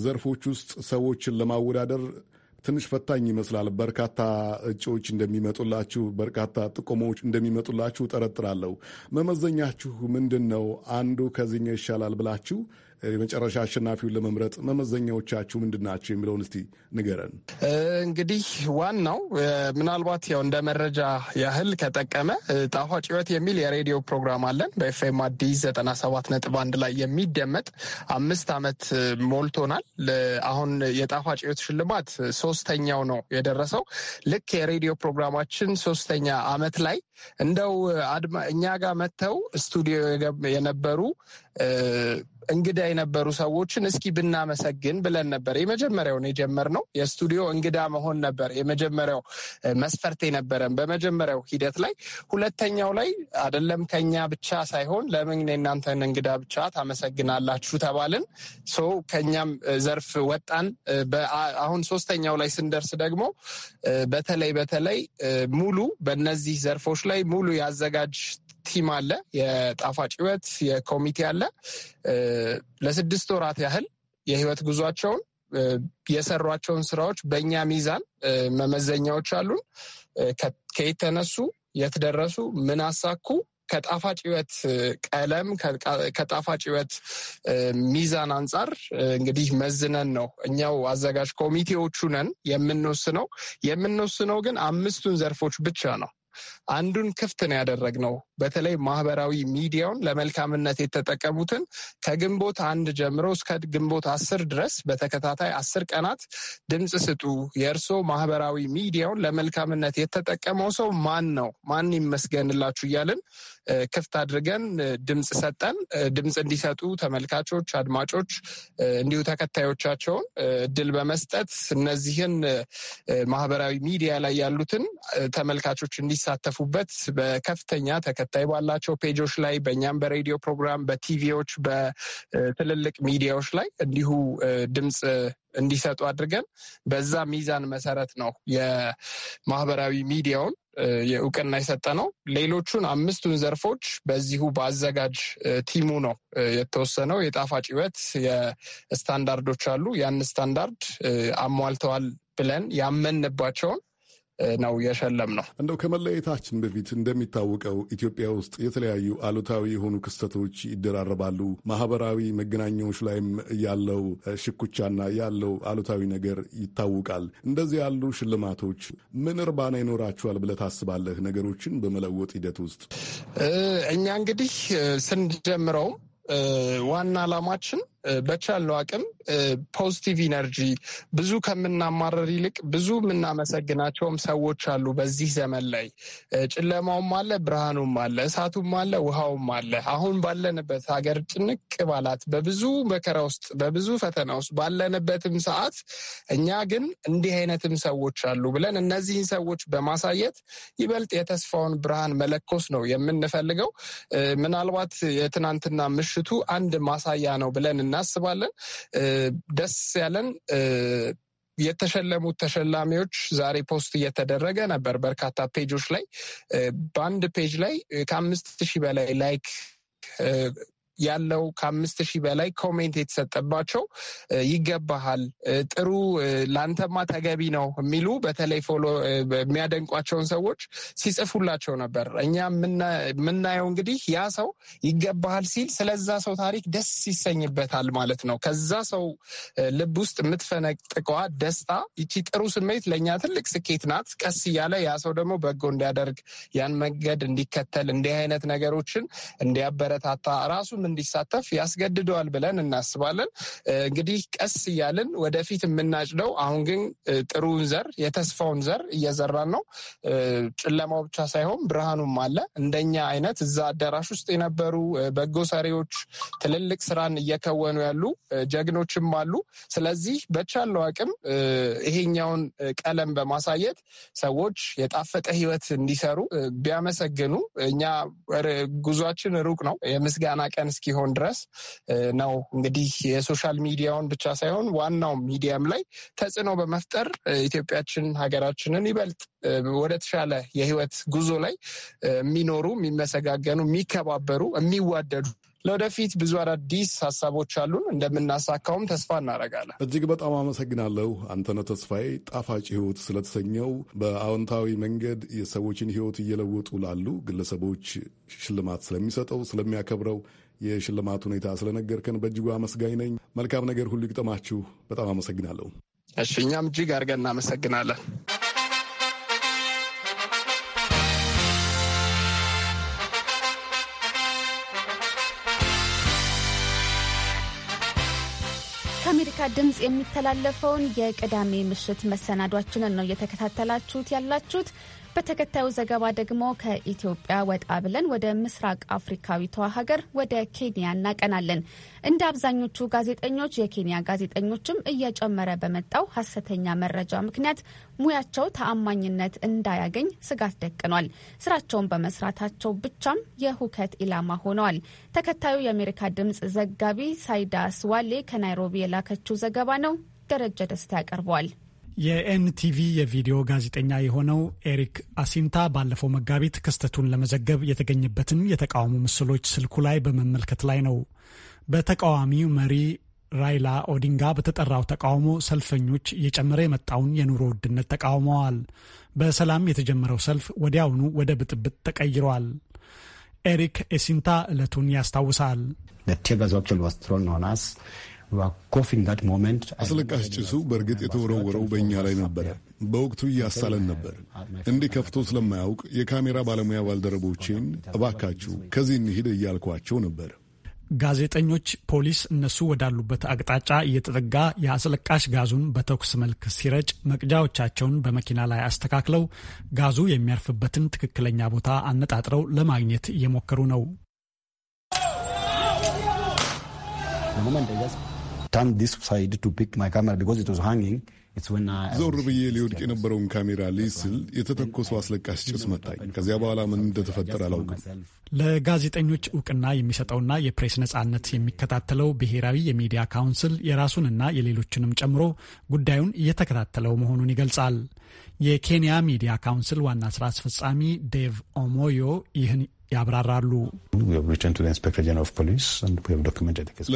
Speaker 6: ዘርፎች ውስጥ ሰዎችን ለማወዳደር ትንሽ ፈታኝ ይመስላል። በርካታ እጩዎች እንደሚመጡላችሁ፣ በርካታ ጥቆማዎች እንደሚመጡላችሁ ጠረጥራለሁ። መመዘኛችሁ ምንድን ነው? አንዱ ከዚህኛው ይሻላል ብላችሁ የመጨረሻ አሸናፊውን ለመምረጥ መመዘኛዎቻችሁ ምንድን ናቸው የሚለውን እስቲ ንገረን።
Speaker 2: እንግዲህ ዋናው ምናልባት ያው እንደ መረጃ ያህል ከጠቀመ ጣፋጭ ህይወት የሚል የሬዲዮ ፕሮግራም አለን በኤፍኤም አዲስ ዘጠና ሰባት ነጥብ አንድ ላይ የሚደመጥ አምስት ዓመት ሞልቶናል። አሁን የጣፋጭ ህይወት ሽልማት ሶስተኛው ነው የደረሰው። ልክ የሬዲዮ ፕሮግራማችን ሶስተኛ ዓመት ላይ እንደው እኛ ጋር መጥተው ስቱዲዮ የነበሩ እንግዳ የነበሩ ሰዎችን እስኪ ብናመሰግን ብለን ነበር የመጀመሪያውን የጀመርነው። የስቱዲዮ እንግዳ መሆን ነበር የመጀመሪያው መስፈርት የነበረን በመጀመሪያው ሂደት ላይ። ሁለተኛው ላይ አይደለም ከኛ ብቻ ሳይሆን ለምን የእናንተን እንግዳ ብቻ ታመሰግናላችሁ ተባልን። ሰው ከኛም ዘርፍ ወጣን። አሁን ሶስተኛው ላይ ስንደርስ ደግሞ በተለይ በተለይ ሙሉ በነዚህ ዘርፎች ላይ ሙሉ ያዘጋጅ ቲም አለ፣ የጣፋጭ ህይወት የኮሚቴ አለ። ለስድስት ወራት ያህል የህይወት ጉዟቸውን የሰሯቸውን ስራዎች በእኛ ሚዛን መመዘኛዎች አሉን። ከየት ተነሱ፣ የት ደረሱ፣ ምን አሳኩ ከጣፋጭ ህይወት ቀለም ከጣፋጭ ህይወት ሚዛን አንጻር እንግዲህ መዝነን ነው እኛው አዘጋጅ ኮሚቴዎቹ ነን የምንወስነው። የምንወስነው ግን አምስቱን ዘርፎች ብቻ ነው። አንዱን ክፍት ነው ያደረግነው። በተለይ ማህበራዊ ሚዲያውን ለመልካምነት የተጠቀሙትን ከግንቦት አንድ ጀምሮ እስከ ግንቦት አስር ድረስ በተከታታይ አስር ቀናት ድምፅ ስጡ። የእርስዎ ማህበራዊ ሚዲያውን ለመልካምነት የተጠቀመው ሰው ማን ነው? ማን ይመስገንላችሁ እያልን ክፍት አድርገን ድምፅ ሰጠን። ድምፅ እንዲሰጡ ተመልካቾች፣ አድማጮች እንዲሁ ተከታዮቻቸውን እድል በመስጠት እነዚህን ማህበራዊ ሚዲያ ላይ ያሉትን ተመልካቾች እንዲሳተፉበት በከፍተኛ ተከታይ ባላቸው ፔጆች ላይ በእኛም በሬዲዮ ፕሮግራም፣ በቲቪዎች፣ በትልልቅ ሚዲያዎች ላይ እንዲሁ ድምፅ እንዲሰጡ አድርገን በዛ ሚዛን መሰረት ነው የማህበራዊ ሚዲያውን እውቅና የሰጠ ነው። ሌሎቹን አምስቱን ዘርፎች በዚሁ በአዘጋጅ ቲሙ ነው የተወሰነው። የጣፋጭ ወት የስታንዳርዶች አሉ። ያን ስታንዳርድ
Speaker 6: አሟልተዋል ብለን ያመንባቸውን ነው የሸለም ነው። እንደው ከመለየታችን በፊት እንደሚታወቀው ኢትዮጵያ ውስጥ የተለያዩ አሉታዊ የሆኑ ክስተቶች ይደራረባሉ። ማህበራዊ መገናኛዎች ላይም ያለው ሽኩቻና ያለው አሉታዊ ነገር ይታወቃል። እንደዚህ ያሉ ሽልማቶች ምን እርባና ይኖራችኋል ብለህ ታስባለህ? ነገሮችን በመለወጥ ሂደት ውስጥ እኛ እንግዲህ ስንጀምረውም
Speaker 2: ዋና ዓላማችን በቻልነው አቅም ፖዚቲቭ ኢነርጂ ብዙ ከምናማረር ይልቅ ብዙ የምናመሰግናቸውም ሰዎች አሉ። በዚህ ዘመን ላይ ጨለማውም አለ፣ ብርሃኑም አለ፣ እሳቱም አለ፣ ውሃውም አለ። አሁን ባለንበት ሀገር ጭንቅ ባላት በብዙ መከራ ውስጥ በብዙ ፈተና ውስጥ ባለንበትም ሰዓት እኛ ግን እንዲህ አይነትም ሰዎች አሉ ብለን እነዚህን ሰዎች በማሳየት ይበልጥ የተስፋውን ብርሃን መለኮስ ነው የምንፈልገው። ምናልባት የትናንትና ምሽቱ አንድ ማሳያ ነው ብለን እናስባለን። ደስ ያለን የተሸለሙት ተሸላሚዎች ዛሬ ፖስት እየተደረገ ነበር። በርካታ ፔጆች ላይ በአንድ ፔጅ ላይ ከአምስት ሺህ በላይ ላይክ ያለው ከአምስት ሺህ በላይ ኮሜንት የተሰጠባቸው ይገባሃል፣ ጥሩ ለአንተማ ተገቢ ነው የሚሉ በተለይ ፎሎ የሚያደንቋቸውን ሰዎች ሲጽፉላቸው ነበር። እኛ የምናየው እንግዲህ ያ ሰው ይገባሃል ሲል ስለዛ ሰው ታሪክ ደስ ይሰኝበታል ማለት ነው። ከዛ ሰው ልብ ውስጥ የምትፈነጥቀዋ ደስታ ይቺ ጥሩ ስሜት ለእኛ ትልቅ ስኬት ናት። ቀስ እያለ ያ ሰው ደግሞ በጎ እንዲያደርግ ያን መንገድ እንዲከተል እንዲህ አይነት ነገሮችን እንዲያበረታታ ራሱን እንዲሳተፍ ያስገድደዋል ብለን እናስባለን። እንግዲህ ቀስ እያልን ወደፊት የምናጭደው አሁን ግን ጥሩውን ዘር የተስፋውን ዘር እየዘራን ነው። ጨለማው ብቻ ሳይሆን ብርሃኑም አለ። እንደኛ አይነት እዛ አዳራሽ ውስጥ የነበሩ በጎ ሰሪዎች፣ ትልልቅ ስራን እየከወኑ ያሉ ጀግኖችም አሉ። ስለዚህ በቻለው አቅም ይሄኛውን ቀለም በማሳየት ሰዎች የጣፈጠ ህይወት እንዲሰሩ ቢያመሰግኑ እኛ ጉዟችን ሩቅ ነው። የምስጋና ቀን እስኪሆን ድረስ ነው እንግዲህ የሶሻል ሚዲያውን ብቻ ሳይሆን ዋናው ሚዲያም ላይ ተጽዕኖ በመፍጠር ኢትዮጵያችን ሀገራችንን ይበልጥ ወደ ተሻለ የህይወት ጉዞ ላይ የሚኖሩ የሚመሰጋገኑ፣ የሚከባበሩ፣ የሚዋደዱ ለወደፊት ብዙ አዳዲስ ሀሳቦች አሉን። እንደምናሳካውም ተስፋ እናደርጋለን።
Speaker 6: እጅግ በጣም አመሰግናለሁ። አንተነህ ተስፋዬ ጣፋጭ ህይወት ስለተሰኘው በአዎንታዊ መንገድ የሰዎችን ህይወት እየለወጡ ላሉ ግለሰቦች ሽልማት ስለሚሰጠው ስለሚያከብረው የሽልማት ሁኔታ ስለነገርከን በእጅጉ አመስጋኝ ነኝ። መልካም ነገር ሁሉ ይግጠማችሁ። በጣም አመሰግናለሁ።
Speaker 2: እሺ፣ እኛም እጅግ አድርገን እናመሰግናለን።
Speaker 1: ከአሜሪካ ድምፅ የሚተላለፈውን የቅዳሜ ምሽት መሰናዷችንን ነው እየተከታተላችሁት ያላችሁት። በተከታዩ ዘገባ ደግሞ ከኢትዮጵያ ወጣ ብለን ወደ ምስራቅ አፍሪካዊቷ ሀገር ወደ ኬንያ እናቀናለን። እንደ አብዛኞቹ ጋዜጠኞች የኬንያ ጋዜጠኞችም እየጨመረ በመጣው ሀሰተኛ መረጃ ምክንያት ሙያቸው ተአማኝነት እንዳያገኝ ስጋት ደቅኗል። ስራቸውን በመስራታቸው ብቻም የሁከት ኢላማ ሆነዋል። ተከታዩ የአሜሪካ ድምጽ ዘጋቢ ሳይዳ ስዋሌ ከናይሮቢ የላከችው ዘገባ ነው። ደረጃ ደስታ ያቀርበዋል።
Speaker 3: የኤንቲቪ የቪዲዮ ጋዜጠኛ የሆነው ኤሪክ አሲንታ ባለፈው መጋቢት ክስተቱን ለመዘገብ የተገኘበትን የተቃውሞ ምስሎች ስልኩ ላይ በመመልከት ላይ ነው። በተቃዋሚው መሪ ራይላ ኦዲንጋ በተጠራው ተቃውሞ ሰልፈኞች እየጨመረ የመጣውን የኑሮ ውድነት ተቃውመዋል። በሰላም የተጀመረው ሰልፍ ወዲያውኑ ወደ ብጥብጥ ተቀይሯል። ኤሪክ ኤሲንታ ዕለቱን ያስታውሳል።
Speaker 6: አስለቃሽ ጭሱ በእርግጥ የተወረወረው በእኛ ላይ ነበረ። በወቅቱ እያሳለን ነበር። እንዲህ ከፍቶ ስለማያውቅ የካሜራ ባለሙያ ባልደረቦቼን እባካችሁ ከዚህ እንሂድ እያልኳቸው ነበር።
Speaker 3: ጋዜጠኞች ፖሊስ እነሱ ወዳሉበት አቅጣጫ እየተጠጋ የአስለቃሽ ጋዙን በተኩስ መልክ ሲረጭ መቅጃዎቻቸውን በመኪና ላይ አስተካክለው ጋዙ የሚያርፍበትን ትክክለኛ ቦታ አነጣጥረው ለማግኘት እየሞከሩ ነው። turned this side to pick my camera because it was hanging. ዞር
Speaker 6: ብዬ ሊወድቅ የነበረውን ካሜራ ልይዝ ስል የተተኮሱ አስለቃሽ ጭስ መታኝ። ከዚያ በኋላ ምን እንደተፈጠረ አላውቅም።
Speaker 3: ለጋዜጠኞች እውቅና የሚሰጠውና የፕሬስ ነጻነት የሚከታተለው ብሔራዊ የሚዲያ ካውንስል የራሱንና የሌሎችንም ጨምሮ ጉዳዩን እየተከታተለው መሆኑን ይገልጻል። የኬንያ ሚዲያ ካውንስል ዋና ስራ አስፈጻሚ ዴቭ ኦሞዮ ይህን ያብራራሉ።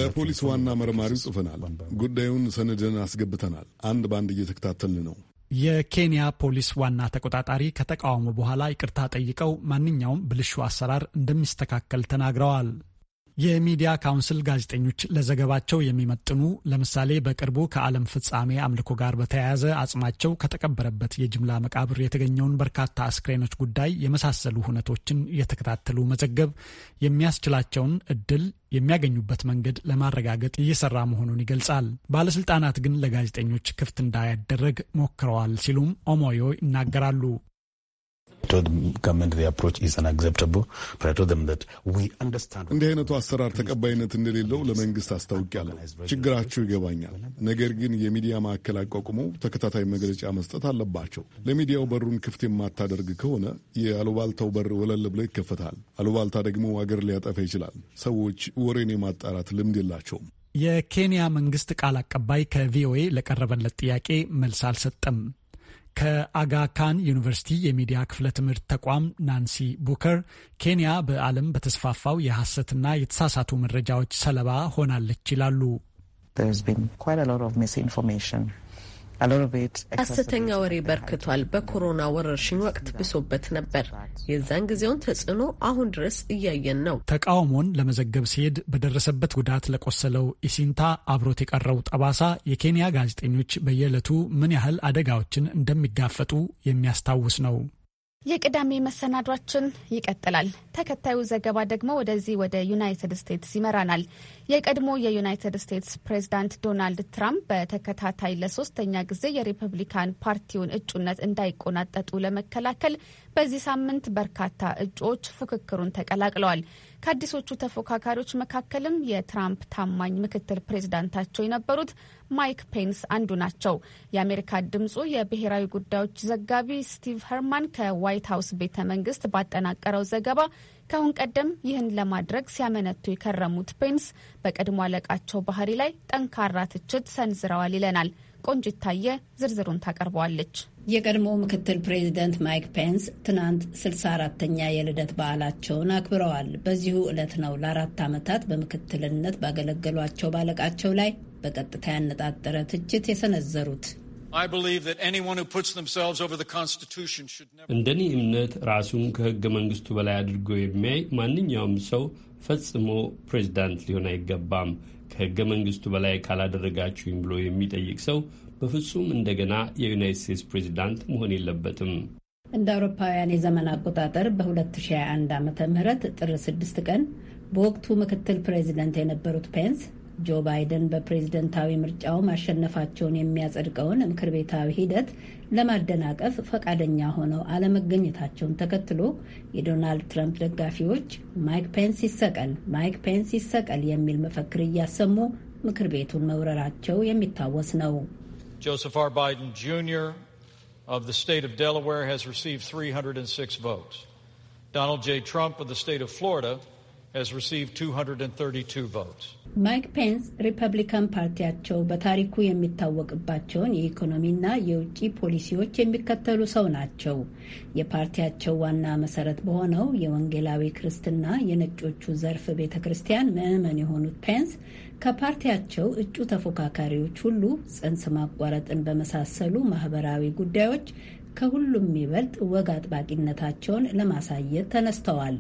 Speaker 6: ለፖሊስ ዋና መርማሪው ጽፈናል። ጉዳዩን ሰነድን አስገብተናል። አንድ በአንድ እየተከታተልን ነው።
Speaker 3: የኬንያ ፖሊስ ዋና ተቆጣጣሪ ከተቃውሞ በኋላ ይቅርታ ጠይቀው ማንኛውም ብልሹ አሰራር እንደሚስተካከል ተናግረዋል። የሚዲያ ካውንስል ጋዜጠኞች ለዘገባቸው የሚመጥኑ ለምሳሌ በቅርቡ ከዓለም ፍጻሜ አምልኮ ጋር በተያያዘ አጽማቸው ከተቀበረበት የጅምላ መቃብር የተገኘውን በርካታ አስክሬኖች ጉዳይ የመሳሰሉ ሁነቶችን እየተከታተሉ መዘገብ የሚያስችላቸውን እድል የሚያገኙበት መንገድ ለማረጋገጥ እየሰራ መሆኑን ይገልጻል። ባለስልጣናት ግን ለጋዜጠኞች ክፍት እንዳይደረግ ሞክረዋል ሲሉም ኦሞዮ ይናገራሉ።
Speaker 6: እንዲህ አይነቱ አሰራር ተቀባይነት እንደሌለው ለመንግስት አስታውቂያለሁ። ችግራችሁ ይገባኛል። ነገር ግን የሚዲያ ማዕከል አቋቁመው ተከታታይ መግለጫ መስጠት አለባቸው። ለሚዲያው በሩን ክፍት የማታደርግ ከሆነ የአሉባልታው በር ወለል ብሎ ይከፈታል። አሉባልታ ደግሞ አገር ሊያጠፋ ይችላል። ሰዎች ወሬን የማጣራት ልምድ የላቸውም።
Speaker 3: የኬንያ መንግስት ቃል አቀባይ ከቪኦኤ ለቀረበለት ጥያቄ መልስ አልሰጠም። ከአጋካን ዩኒቨርሲቲ የሚዲያ ክፍለ ትምህርት ተቋም ናንሲ ቡከር ኬንያ በዓለም በተስፋፋው የሐሰትና የተሳሳቱ መረጃዎች ሰለባ ሆናለች ይላሉ። ሐሰተኛ
Speaker 4: ወሬ በርክቷል። በኮሮና ወረርሽኝ ወቅት ብሶበት ነበር። የዛን ጊዜውን ተጽዕኖ አሁን ድረስ እያየን ነው።
Speaker 3: ተቃውሞን ለመዘገብ ሲሄድ በደረሰበት ጉዳት ለቆሰለው ኢሲንታ አብሮት የቀረው ጠባሳ የኬንያ ጋዜጠኞች በየዕለቱ ምን ያህል አደጋዎችን እንደሚጋፈጡ የሚያስታውስ ነው።
Speaker 1: የቅዳሜ መሰናዷችን ይቀጥላል። ተከታዩ ዘገባ ደግሞ ወደዚህ ወደ ዩናይትድ ስቴትስ ይመራናል። የቀድሞ የዩናይትድ ስቴትስ ፕሬዝዳንት ዶናልድ ትራምፕ በተከታታይ ለሶስተኛ ጊዜ የሪፐብሊካን ፓርቲውን እጩነት እንዳይቆናጠጡ ለመከላከል በዚህ ሳምንት በርካታ እጩዎች ፉክክሩን ተቀላቅለዋል። ከአዲሶቹ ተፎካካሪዎች መካከልም የትራምፕ ታማኝ ምክትል ፕሬዝዳንታቸው የነበሩት ማይክ ፔንስ አንዱ ናቸው። የአሜሪካ ድምጹ የብሔራዊ ጉዳዮች ዘጋቢ ስቲቭ ኸርማን ከዋይት ሀውስ ቤተ መንግስት ባጠናቀረው ዘገባ ከአሁን ቀደም ይህን ለማድረግ ሲያመነቱ የከረሙት ፔንስ በቀድሞ አለቃቸው ባህሪ ላይ ጠንካራ ትችት ሰንዝረዋል ይለናል። ቆንጅታየ ታየ
Speaker 7: ዝርዝሩን ታቀርበዋለች። የቀድሞ ምክትል ፕሬዚደንት ማይክ ፔንስ ትናንት 64ተኛ የልደት በዓላቸውን አክብረዋል። በዚሁ ዕለት ነው ለአራት ዓመታት በምክትልነት ባገለገሏቸው ባለቃቸው ላይ በቀጥታ ያነጣጠረ ትችት የሰነዘሩት
Speaker 8: እንደኔ እምነት ራሱን ከህገ መንግስቱ በላይ አድርጎ የሚያይ ማንኛውም ሰው ፈጽሞ ፕሬዚዳንት ሊሆን አይገባም። ከህገ መንግስቱ በላይ ካላደረጋችሁኝ ብሎ የሚጠይቅ ሰው በፍጹም እንደገና የዩናይት ስቴትስ ፕሬዚዳንት መሆን የለበትም።
Speaker 7: እንደ አውሮፓውያን የዘመን አቆጣጠር በ2021 ዓ ም ጥር 6 ቀን በወቅቱ ምክትል ፕሬዚደንት የነበሩት ፔንስ ጆ ባይደን በፕሬዝደንታዊ ምርጫው ማሸነፋቸውን የሚያጸድቀውን ምክር ቤታዊ ሂደት ለማደናቀፍ ፈቃደኛ ሆነው አለመገኘታቸውን ተከትሎ የዶናልድ ትራምፕ ደጋፊዎች ማይክ ፔንስ ይሰቀል፣ ማይክ ፔንስ ይሰቀል የሚል መፈክር እያሰሙ ምክር ቤቱን መውረራቸው የሚታወስ ነው።
Speaker 8: ጆሴፍ አር ባይደን ጁኒየር of the state of Delaware has received 306
Speaker 7: ማይክ ፔንስ ሪፐብሊካን ፓርቲያቸው በታሪኩ የሚታወቅባቸውን የኢኮኖሚና የውጭ ፖሊሲዎች የሚከተሉ ሰው ናቸው። የፓርቲያቸው ዋና መሰረት በሆነው የወንጌላዊ ክርስትና የነጮቹ ዘርፍ ቤተ ክርስቲያን ምዕመን የሆኑት ፔንስ ከፓርቲያቸው እጩ ተፎካካሪዎች ሁሉ ጽንስ ማቋረጥን በመሳሰሉ ማህበራዊ ጉዳዮች ከሁሉም ይበልጥ ወግ አጥባቂነታቸውን ለማሳየት ተነስተዋል።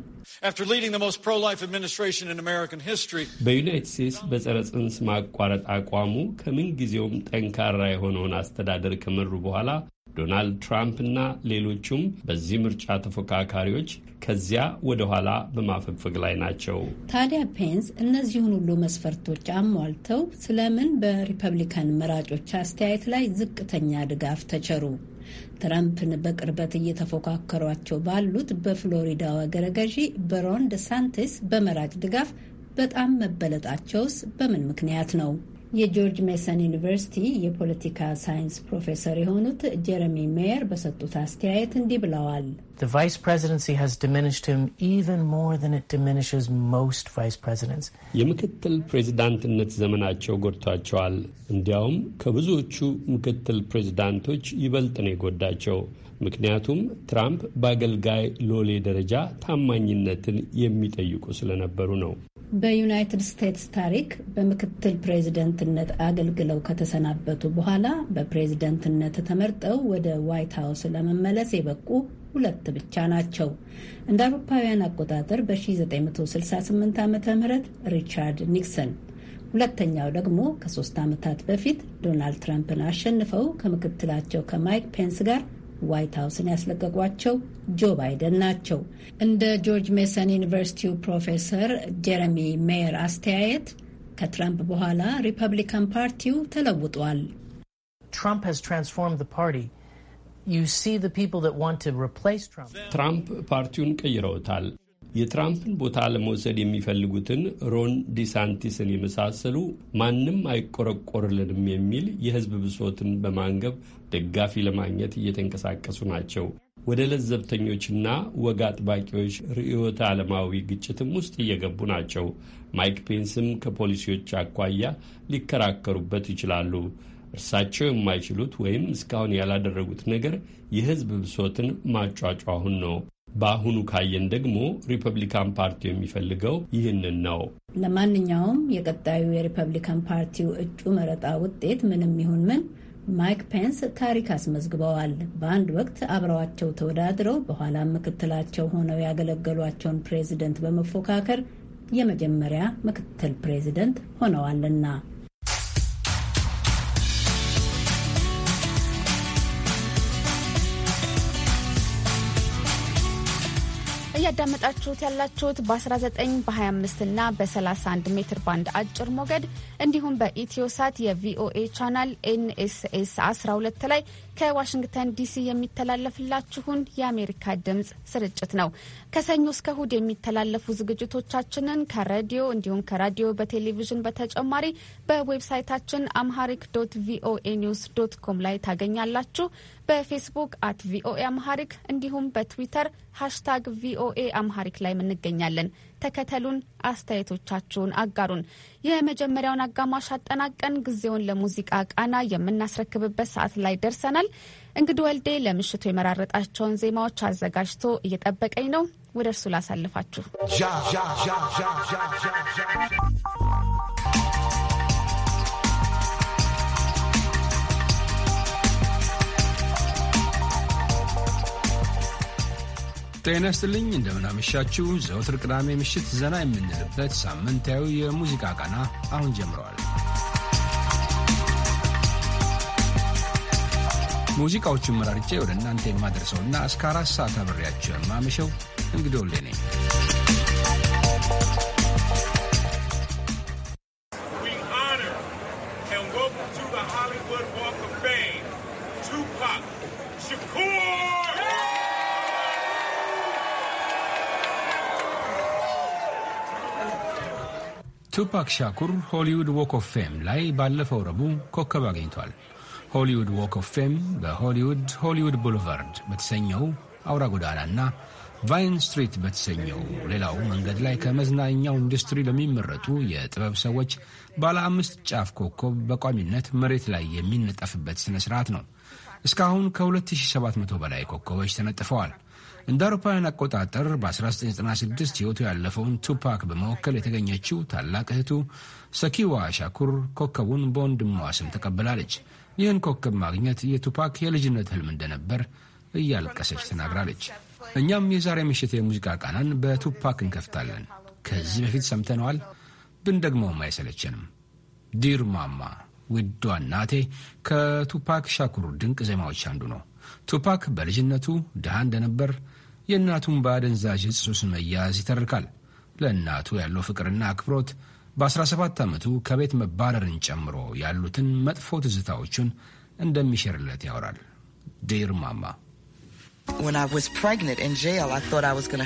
Speaker 8: በዩናይትድ ስቴትስ በጸረ ጽንስ ማቋረጥ አቋሙ ከምንጊዜውም ጠንካራ የሆነውን አስተዳደር ከመሩ በኋላ ዶናልድ ትራምፕ እና ሌሎቹም በዚህ ምርጫ ተፎካካሪዎች ከዚያ ወደ ኋላ በማፈግፈግ ላይ ናቸው።
Speaker 7: ታዲያ ፔንስ እነዚህን ሁሉ መስፈርቶች አሟልተው ስለምን በሪፐብሊካን መራጮች አስተያየት ላይ ዝቅተኛ ድጋፍ ተቸሩ? ትራምፕን በቅርበት እየተፎካከሯቸው ባሉት በፍሎሪዳ አገረገዢ በሮን ደሳንቲስ በመራጭ ድጋፍ በጣም መበለጣቸውስ በምን ምክንያት ነው? የጆርጅ ሜሰን ዩኒቨርሲቲ የፖለቲካ ሳይንስ ፕሮፌሰር የሆኑት ጀረሚ ሜየር በሰጡት አስተያየት እንዲህ ብለዋል።
Speaker 8: የምክትል ፕሬዚዳንትነት ዘመናቸው ጎድቷቸዋል። እንዲያውም ከብዙዎቹ ምክትል ፕሬዚዳንቶች ይበልጥ ነው የጎዳቸው። ምክንያቱም ትራምፕ በአገልጋይ ሎሌ ደረጃ ታማኝነትን የሚጠይቁ ስለነበሩ ነው።
Speaker 7: በዩናይትድ ስቴትስ ታሪክ በምክትል ፕሬዝደንትነት አገልግለው ከተሰናበቱ በኋላ በፕሬዝደንትነት ተመርጠው ወደ ዋይት ሀውስ ለመመለስ የበቁ ሁለት ብቻ ናቸው። እንደ አውሮፓውያን አቆጣጠር በ1968 ዓ ም ሪቻርድ ኒክሰን ሁለተኛው ደግሞ ከሶስት ዓመታት በፊት ዶናልድ ትራምፕን አሸንፈው ከምክትላቸው ከማይክ ፔንስ ጋር ዋይት ሀውስን ያስለቀቋቸው ጆ ባይደን ናቸው። እንደ ጆርጅ ሜሰን ዩኒቨርሲቲው ፕሮፌሰር ጀረሚ ሜየር አስተያየት ከትራምፕ በኋላ ሪፐብሊካን ፓርቲው ተለውጧል።
Speaker 8: ትራምፕ ፓርቲውን ቀይረውታል። የትራምፕን ቦታ ለመውሰድ የሚፈልጉትን ሮን ዲሳንቲስን የመሳሰሉ ማንም አይቆረቆርልንም የሚል የህዝብ ብሶትን በማንገብ ደጋፊ ለማግኘት እየተንቀሳቀሱ ናቸው። ወደ ለዘብተኞችና ወግ አጥባቂዎች ርዕዮተ ዓለማዊ ግጭትም ውስጥ እየገቡ ናቸው። ማይክ ፔንስም ከፖሊሲዎች አኳያ ሊከራከሩበት ይችላሉ። እርሳቸው የማይችሉት ወይም እስካሁን ያላደረጉት ነገር የህዝብ ብሶትን ማጫጫሁን ነው። በአሁኑ ካየን ደግሞ ሪፐብሊካን ፓርቲው የሚፈልገው ይህንን ነው።
Speaker 7: ለማንኛውም የቀጣዩ የሪፐብሊካን ፓርቲው እጩ መረጣ ውጤት ምንም ይሁን ምን ማይክ ፔንስ ታሪክ አስመዝግበዋል። በአንድ ወቅት አብረዋቸው ተወዳድረው በኋላ ምክትላቸው ሆነው ያገለገሏቸውን ፕሬዚደንት በመፎካከር የመጀመሪያ ምክትል ፕሬዚደንት ሆነዋልና።
Speaker 1: እያዳመጣችሁት ያላችሁት በ19 በ25 እና በ31 ሜትር ባንድ አጭር ሞገድ እንዲሁም በኢትዮ ሳት የቪኦኤ ቻናል ኤንኤስኤስ 12 ላይ ከዋሽንግተን ዲሲ የሚተላለፍላችሁን የአሜሪካ ድምጽ ስርጭት ነው። ከሰኞ እስከ እሁድ የሚተላለፉ ዝግጅቶቻችንን ከሬዲዮ እንዲሁም ከራዲዮ በቴሌቪዥን በተጨማሪ በዌብሳይታችን አምሃሪክ ዶት ቪኦኤ ኒውስ ዶት ኮም ላይ ታገኛላችሁ። በፌስቡክ አት ቪኦኤ አምሃሪክ እንዲሁም በትዊተር ሃሽታግ ቪኦኤ አምሃሪክ ላይ እንገኛለን። ተከተሉን፣ አስተያየቶቻችሁን አጋሩን። የመጀመሪያውን አጋማሽ አጠናቀን ጊዜውን ለሙዚቃ ቃና የምናስረክብበት ሰዓት ላይ ደርሰናል። እንግዲህ ወልዴ ለምሽቱ የመራረጣቸውን ዜማዎች አዘጋጅቶ እየጠበቀኝ ነው። ወደ እርሱ ላሳልፋችሁ።
Speaker 9: ጤና ይስጥልኝ እንደምናመሻችሁ። ዘወትር ቅዳሜ ምሽት ዘና የምንልበት ሳምንታዊ የሙዚቃ ቃና አሁን ጀምረዋል። ሙዚቃዎቹን መራርጬ ወደ እናንተ የማደርሰውና እስከ አራት ሰዓት አብሬያቸው የማመሸው እንግዲህ ወሌ ነኝ።
Speaker 10: Shakur!
Speaker 9: ቱፓክ ሻኩር ሆሊውድ ዎክ ኦፍ ፌም ላይ ባለፈው ረቡዕ ኮከብ አግኝቷል። ሆሊውድ ዎክ ኦፍ ፌም በሆሊውድ ሆሊውድ ቡልቫርድ በተሰኘው አውራ ጎዳናና ቫይን ስትሪት በተሰኘው ሌላው መንገድ ላይ ከመዝናኛው ኢንዱስትሪ ለሚመረጡ የጥበብ ሰዎች ባለ አምስት ጫፍ ኮከብ በቋሚነት መሬት ላይ የሚነጠፍበት ስነ-ስርዓት ነው። እስካሁን ከ2700 በላይ ኮከቦች ተነጥፈዋል። እንደ አውሮፓውያን አቆጣጠር በ1996 ሕይወቱ ያለፈውን ቱፓክ በመወከል የተገኘችው ታላቅ እህቱ ሰኪዋ ሻኩር ኮከቡን በወንድሟ ስም ተቀብላለች። ይህን ኮከብ ማግኘት የቱፓክ የልጅነት ህልም እንደነበር እያለቀሰች ተናግራለች። እኛም የዛሬ ምሽት የሙዚቃ ቃናን በቱፓክ እንከፍታለን። ከዚህ በፊት ሰምተነዋል፣ ብንደግመውም አይሰለችንም። ዲር ማማ ውዷ እናቴ ከቱፓክ ሻኩር ድንቅ ዜማዎች አንዱ ነው። ቱፓክ በልጅነቱ ድሃ እንደነበር የእናቱን በአደንዛዥ እጽ ሱስ መያዝ ይተርካል። ለእናቱ ያለው ፍቅርና አክብሮት በ17 ዓመቱ ከቤት መባረርን ጨምሮ ያሉትን መጥፎ ትዝታዎቹን እንደሚሽርለት ያወራል። ዴር ማማ
Speaker 5: ቱፓክ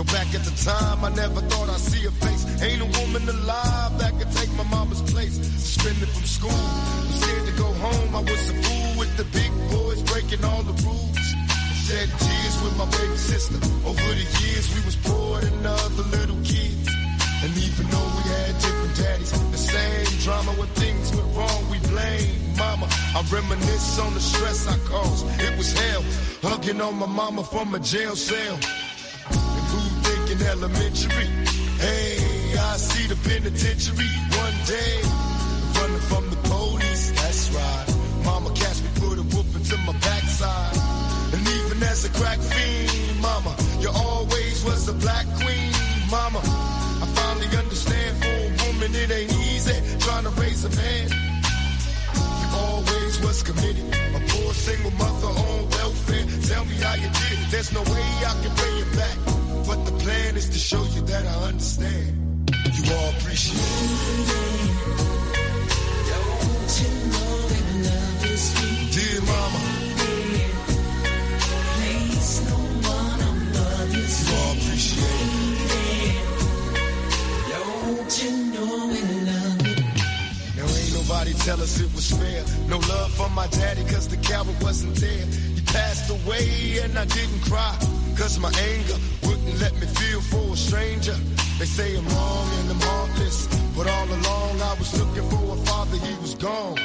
Speaker 11: Though back at the time, I never thought I'd see a face. Ain't a woman alive that could take my mama's place. Suspended from school, scared to go home. I was a fool with the big boys breaking all the rules. Shed tears with my baby sister. Over the years, we was poor than other little kids. And even though we had different daddies, the same drama when things went wrong, we blamed mama. I reminisce on the stress I caused. It was hell, hugging on my mama from a jail cell elementary. Hey, I see the penitentiary one day. Running from the police, that's right. Mama catch me, put a whooping to my backside. And even as a crack fiend, mama, you always was the black queen, mama. I finally understand for a woman it ain't easy trying to raise a man. You always was committed. A poor single mother on welfare. Tell me how you did it. There's no way I can pay you back. But the plan is to show you that I understand. You all appreciate it.
Speaker 10: Dear mama.
Speaker 11: You tell us it was fair. No love for my daddy, cause the coward wasn't there. He passed away and I didn't cry. Cause my anger wouldn't let me feel for a stranger. They say I'm wrong and I'm heartless. But all along I was looking for a father, he was gone.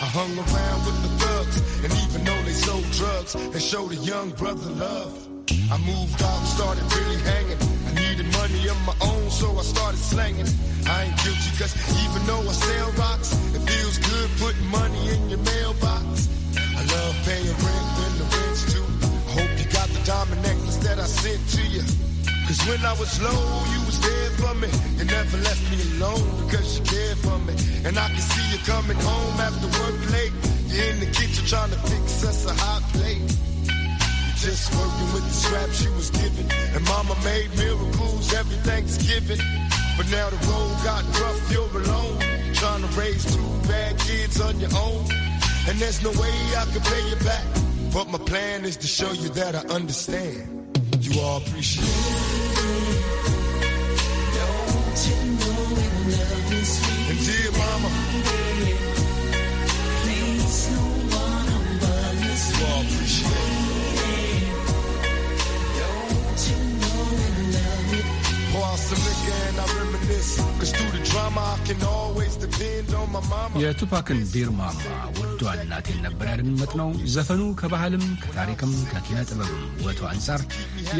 Speaker 11: I hung around with the thugs, and even though they sold drugs, they showed a young brother love. I moved out and started really hanging. I needed money of my own, so I started slanging. I ain't guilty, cause even though I sell rocks, it feels good putting money in your mailbox. I love paying rent when the rent's due. I hope you got the diamond sent to you. Cause when I was low, you was there for me. You never left me alone because you cared for me. And I can see you coming home after work late. You're in the kitchen trying to fix us a hot plate. You're just working with the scraps you was given. And mama made miracles every Thanksgiving. But now the road got rough, you're alone. Trying to raise two bad kids on your own. And there's no way I can pay you back. But my plan is to show you that I understand you all appreciate it.
Speaker 9: የቱፓክን ቢር ማማ ወዷ እናቴን ነበር ነው። ዘፈኑ ከባህልም ከታሪክም ከኪነ ጥበብም ውበቱ አንጻር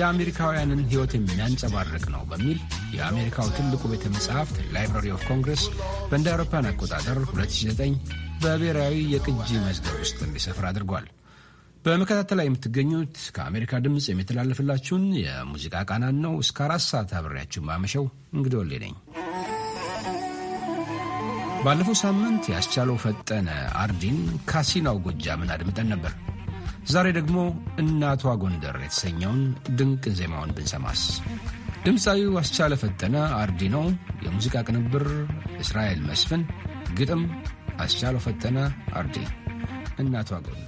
Speaker 9: የአሜሪካውያንን ሕይወት የሚያንጸባርቅ ነው በሚል የአሜሪካው ትልቁ ቤተ መጽሕፍት ላይብራሪ ኦፍ ኮንግረስ በእንደ አውሮፓን አቆጣጠር 2009 በብሔራዊ የቅጂ መዝገብ ውስጥ እንዲሰፍር አድርጓል። በመከታተል ላይ የምትገኙት ከአሜሪካ ድምፅ የሚተላለፍላችሁን የሙዚቃ ቃናን ነው። እስከ አራት ሰዓት አብሬያችሁ ማመሸው እንግዲህ ወሌ ነኝ። ባለፈው ሳምንት ያስቻለው ፈጠነ አርዲን ካሲናው ጎጃምን አድምጠን ነበር። ዛሬ ደግሞ እናቷ ጎንደር የተሰኘውን ድንቅ ዜማውን ብንሰማስ? ድምፃዊው አስቻለ ፈጠነ አርዲ ነው። የሙዚቃ ቅንብር እስራኤል መስፍን፣ ግጥም አስቻለው ፈጠነ አርዲ፣ እናቷ ጎንደር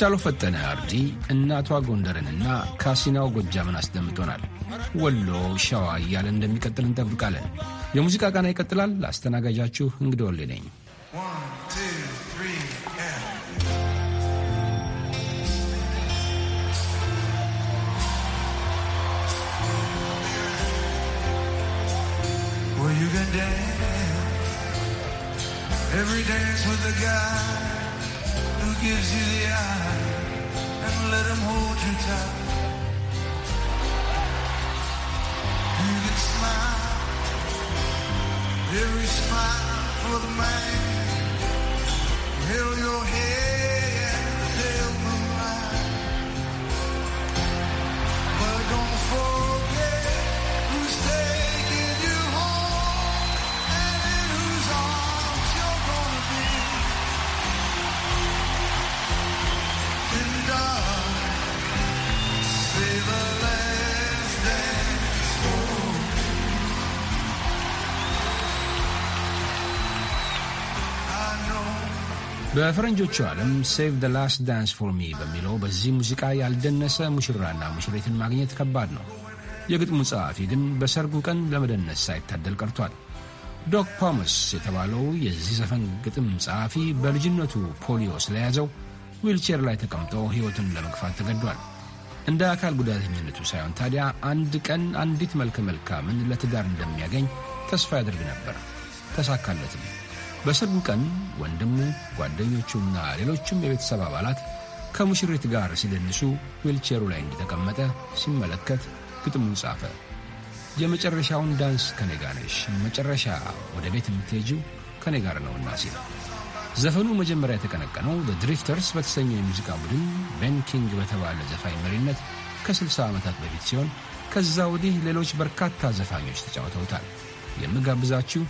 Speaker 9: አስቻለው ፈጠነ አርዲ እናቷ ጎንደርንና ካሲናው ጎጃምን አስደምጦናል። ወሎ፣ ሸዋ እያለ እንደሚቀጥል እንጠብቃለን። የሙዚቃ ቃና ይቀጥላል። አስተናጋጃችሁ እንግዳ ወልዴ ነኝ።
Speaker 12: every dance with the guy gives you the eye and let him hold you tight. You can smile,
Speaker 10: every smile for the man. Held your head.
Speaker 9: በፈረንጆቹ ዓለም ሴቭ ደ ላስት ዳንስ ፎር ሚ በሚለው በዚህ ሙዚቃ ያልደነሰ ሙሽራና ሙሽሪትን ማግኘት ከባድ ነው። የግጥሙ ጸሐፊ ግን በሰርጉ ቀን ለመደነስ ሳይታደል ቀርቷል። ዶክ ፖመስ የተባለው የዚህ ዘፈን ግጥም ጸሐፊ በልጅነቱ ፖሊዮ ስለያዘው ዊልቼር ላይ ተቀምጦ ሕይወቱን ለመግፋት ተገዷል። እንደ አካል ጉዳተኝነቱ ሳይሆን ታዲያ አንድ ቀን አንዲት መልከ መልካምን ለትዳር እንደሚያገኝ ተስፋ ያደርግ ነበር። ተሳካለትም። በሰርጉ ቀን ወንድሙ፣ ጓደኞቹና ሌሎችም የቤተሰብ አባላት ከሙሽሪት ጋር ሲደንሱ ዊልቼሩ ላይ እንደተቀመጠ ሲመለከት ግጥሙን ጻፈ። የመጨረሻውን ዳንስ ከኔ ጋር ነሽ፣ መጨረሻ ወደ ቤት የምትሄጂው ከኔ ጋር ነውና ሲል ዘፈኑ መጀመሪያ የተቀነቀነው በድሪፍተርስ በተሰኘው የሙዚቃ ቡድን ቤን ኪንግ በተባለ ዘፋኝ መሪነት ከ60 ዓመታት በፊት ሲሆን ከዛ ወዲህ ሌሎች በርካታ ዘፋኞች ተጫውተውታል። የምጋብዛችሁ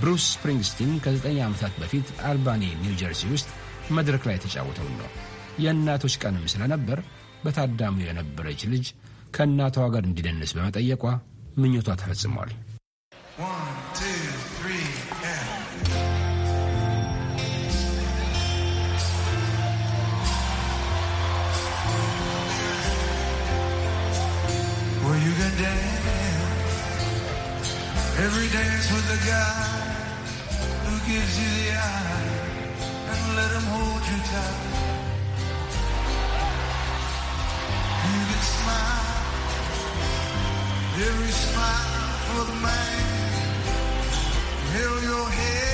Speaker 9: ብሩስ ስፕሪንግስቲን ከዘጠኝ ዓመታት በፊት አልባኒ ኒው ጀርሲ ውስጥ መድረክ ላይ የተጫወተውን ነው። የእናቶች ቀንም ስለነበር በታዳሚው የነበረች ልጅ ከእናቷ ጋር እንዲደንስ በመጠየቋ ምኞቷ ተፈጽሟል።
Speaker 12: Every dance with the guy gives you the eye and let him hold you tight.
Speaker 10: You can smile, every smile for the man. Held your head.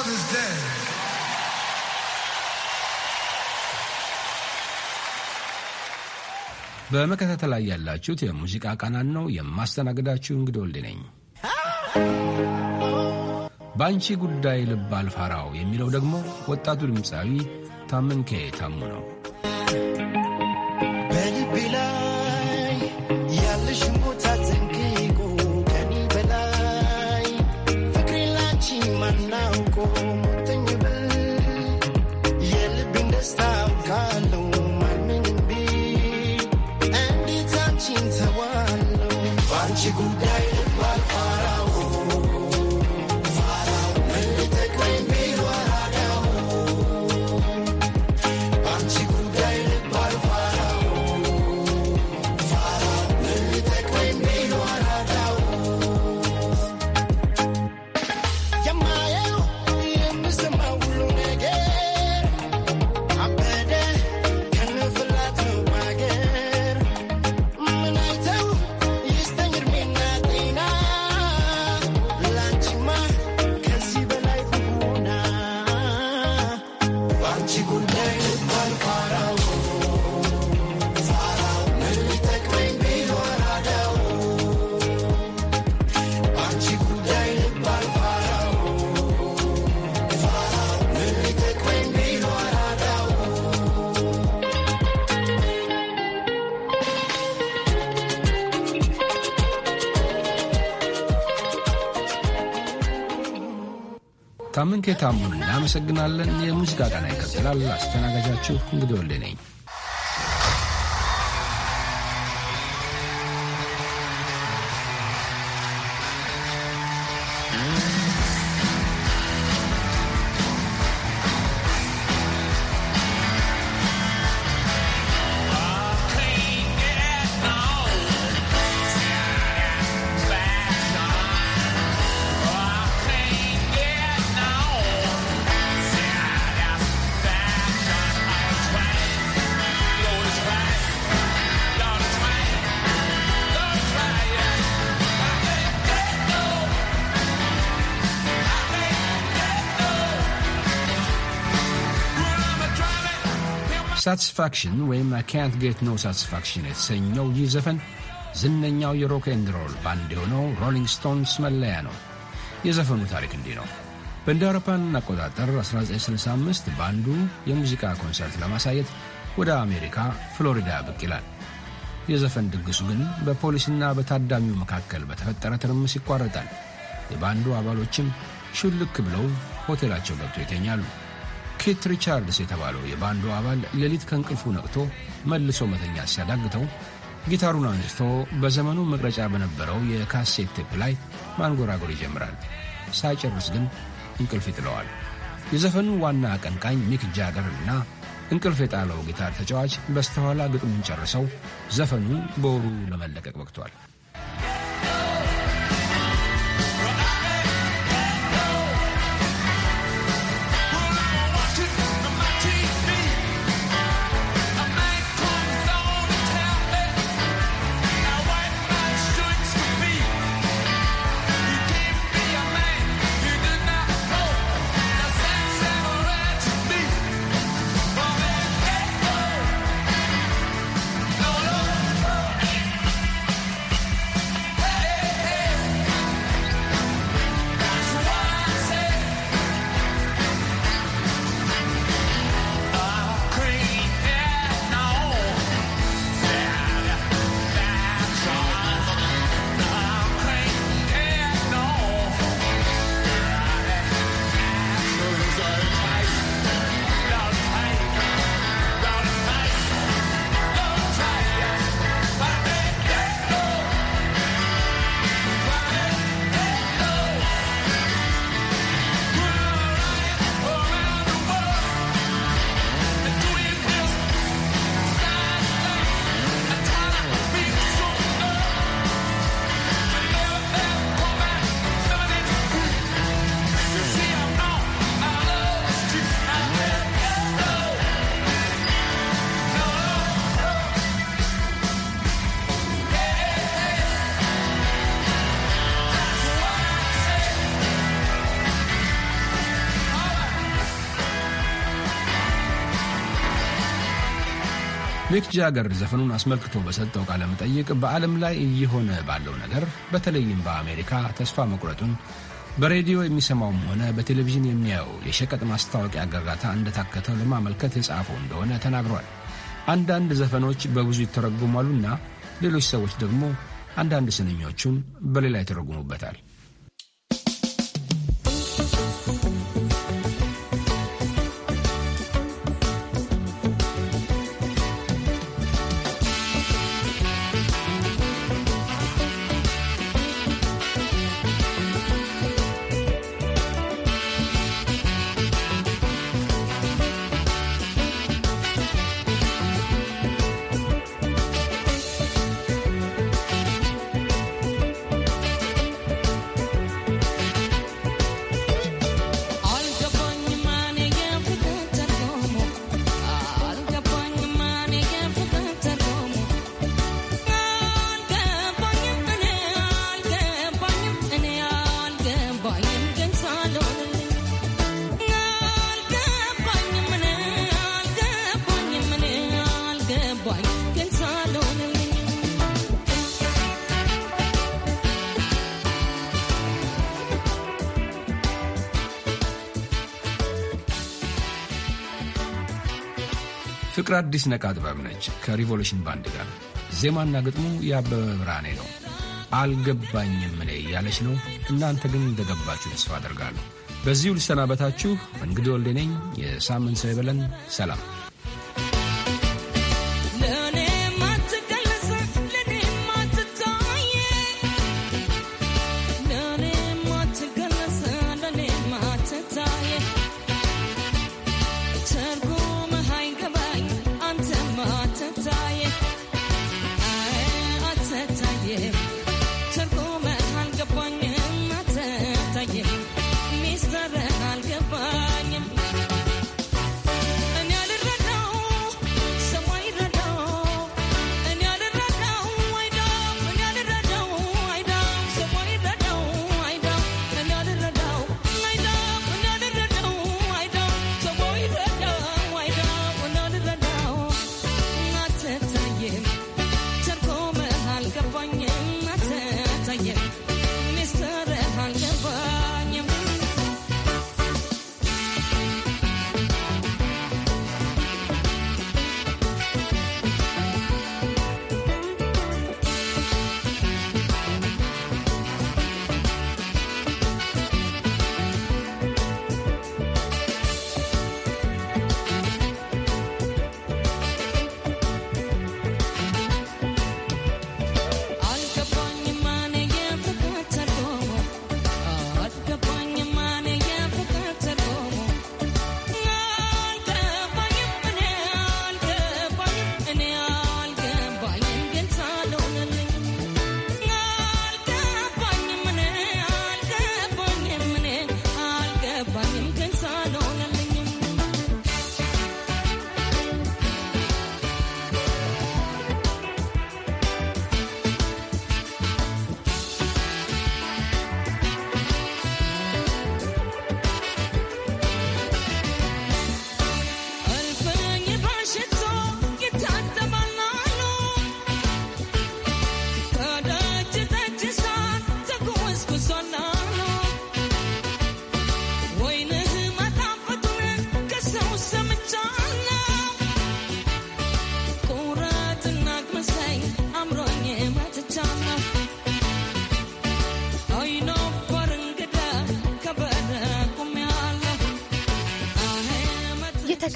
Speaker 10: Mother's Day.
Speaker 9: በመከታተል ላይ ያላችሁት የሙዚቃ ቃናን ነው። የማስተናግዳችሁ እንግዲህ ወልድ ነኝ። በአንቺ ጉዳይ ልብ አልፈራው የሚለው ደግሞ ወጣቱ ድምፃዊ ታምንኬ ታሙ ነው። ቴታሙ እናመሰግናለን። የሙዚቃ ቀና ይቀጥላል። አስተናጋጃችሁ እንግዲህ ወልዴ ነኝ። ሳትስፋክሽን ወይም ካንት ጌት ኖ ሳትስፋክሽን የተሰኘው ይህ ዘፈን ዝነኛው የሮክ ኤንድ ሮል ባንድ የሆነው ሮሊንግ ስቶንስ መለያ ነው። የዘፈኑ ታሪክ እንዲህ ነው። በእንደ አውሮፓን አቆጣጠር 1965 ባንዱ የሙዚቃ ኮንሰርት ለማሳየት ወደ አሜሪካ ፍሎሪዳ ብቅ ይላል። የዘፈን ድግሱ ግን በፖሊስና በታዳሚው መካከል በተፈጠረ ትርምስ ይቋረጣል። የባንዱ አባሎችም ሹልክ ብለው ሆቴላቸው ገብቶ ይተኛሉ። ኬት ሪቻርድስ የተባለው የባንዱ አባል ሌሊት ከእንቅልፉ ነቅቶ መልሶ መተኛ ሲያዳግተው ጊታሩን አንስቶ በዘመኑ መቅረጫ በነበረው የካሴት ቴፕ ላይ ማንጎራጎር ይጀምራል። ሳይጨርስ ግን እንቅልፍ ይጥለዋል። የዘፈኑ ዋና አቀንቃኝ ሚክ ጃገር እና እንቅልፍ የጣለው ጊታር ተጫዋች በስተኋላ ግጥሙን ጨርሰው ዘፈኑ በወሩ ለመለቀቅ በቅቷል። ሚክ ጃገር ዘፈኑን አስመልክቶ በሰጠው ቃለ መጠይቅ በዓለም ላይ እየሆነ ባለው ነገር በተለይም በአሜሪካ ተስፋ መቁረጡን በሬዲዮ የሚሰማውም ሆነ በቴሌቪዥን የሚያየው የሸቀጥ ማስታወቂያ ገራታ እንደታከተው ለማመልከት የጻፈው እንደሆነ ተናግሯል። አንዳንድ ዘፈኖች በብዙ ይተረጉማሉና ሌሎች ሰዎች ደግሞ አንዳንድ ስንኞቹን በሌላ ይተረጉሙበታል። ፍቅር አዲስ ነቃ ጥበብ ነች ከሪቮሉሽን ባንድ ጋር ዜማና ግጥሙ የአበበ ብርሃኔ ነው። አልገባኝም እኔ እያለች ነው። እናንተ ግን እንደገባችሁ ተስፋ አደርጋለሁ። በዚሁ ልሰናበታችሁ። እንግዲህ ወልዴ ነኝ። የሳምንት ሰው ይበለን። ሰላም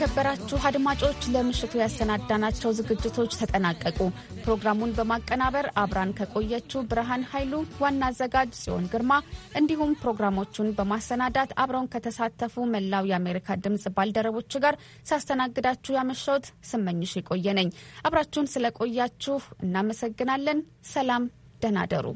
Speaker 1: የተከበራችሁ አድማጮች ለምሽቱ ያሰናዳናቸው ዝግጅቶች ተጠናቀቁ። ፕሮግራሙን በማቀናበር አብራን ከቆየችው ብርሃን ኃይሉ፣ ዋና አዘጋጅ ጽዮን ግርማ እንዲሁም ፕሮግራሞቹን በማሰናዳት አብረውን ከተሳተፉ መላው የአሜሪካ ድምፅ ባልደረቦች ጋር ሳስተናግዳችሁ ያመሻውት ስመኝሽ የቆየ ነኝ። አብራችሁን ስለቆያችሁ እናመሰግናለን። ሰላም፣ ደህና ደሩ።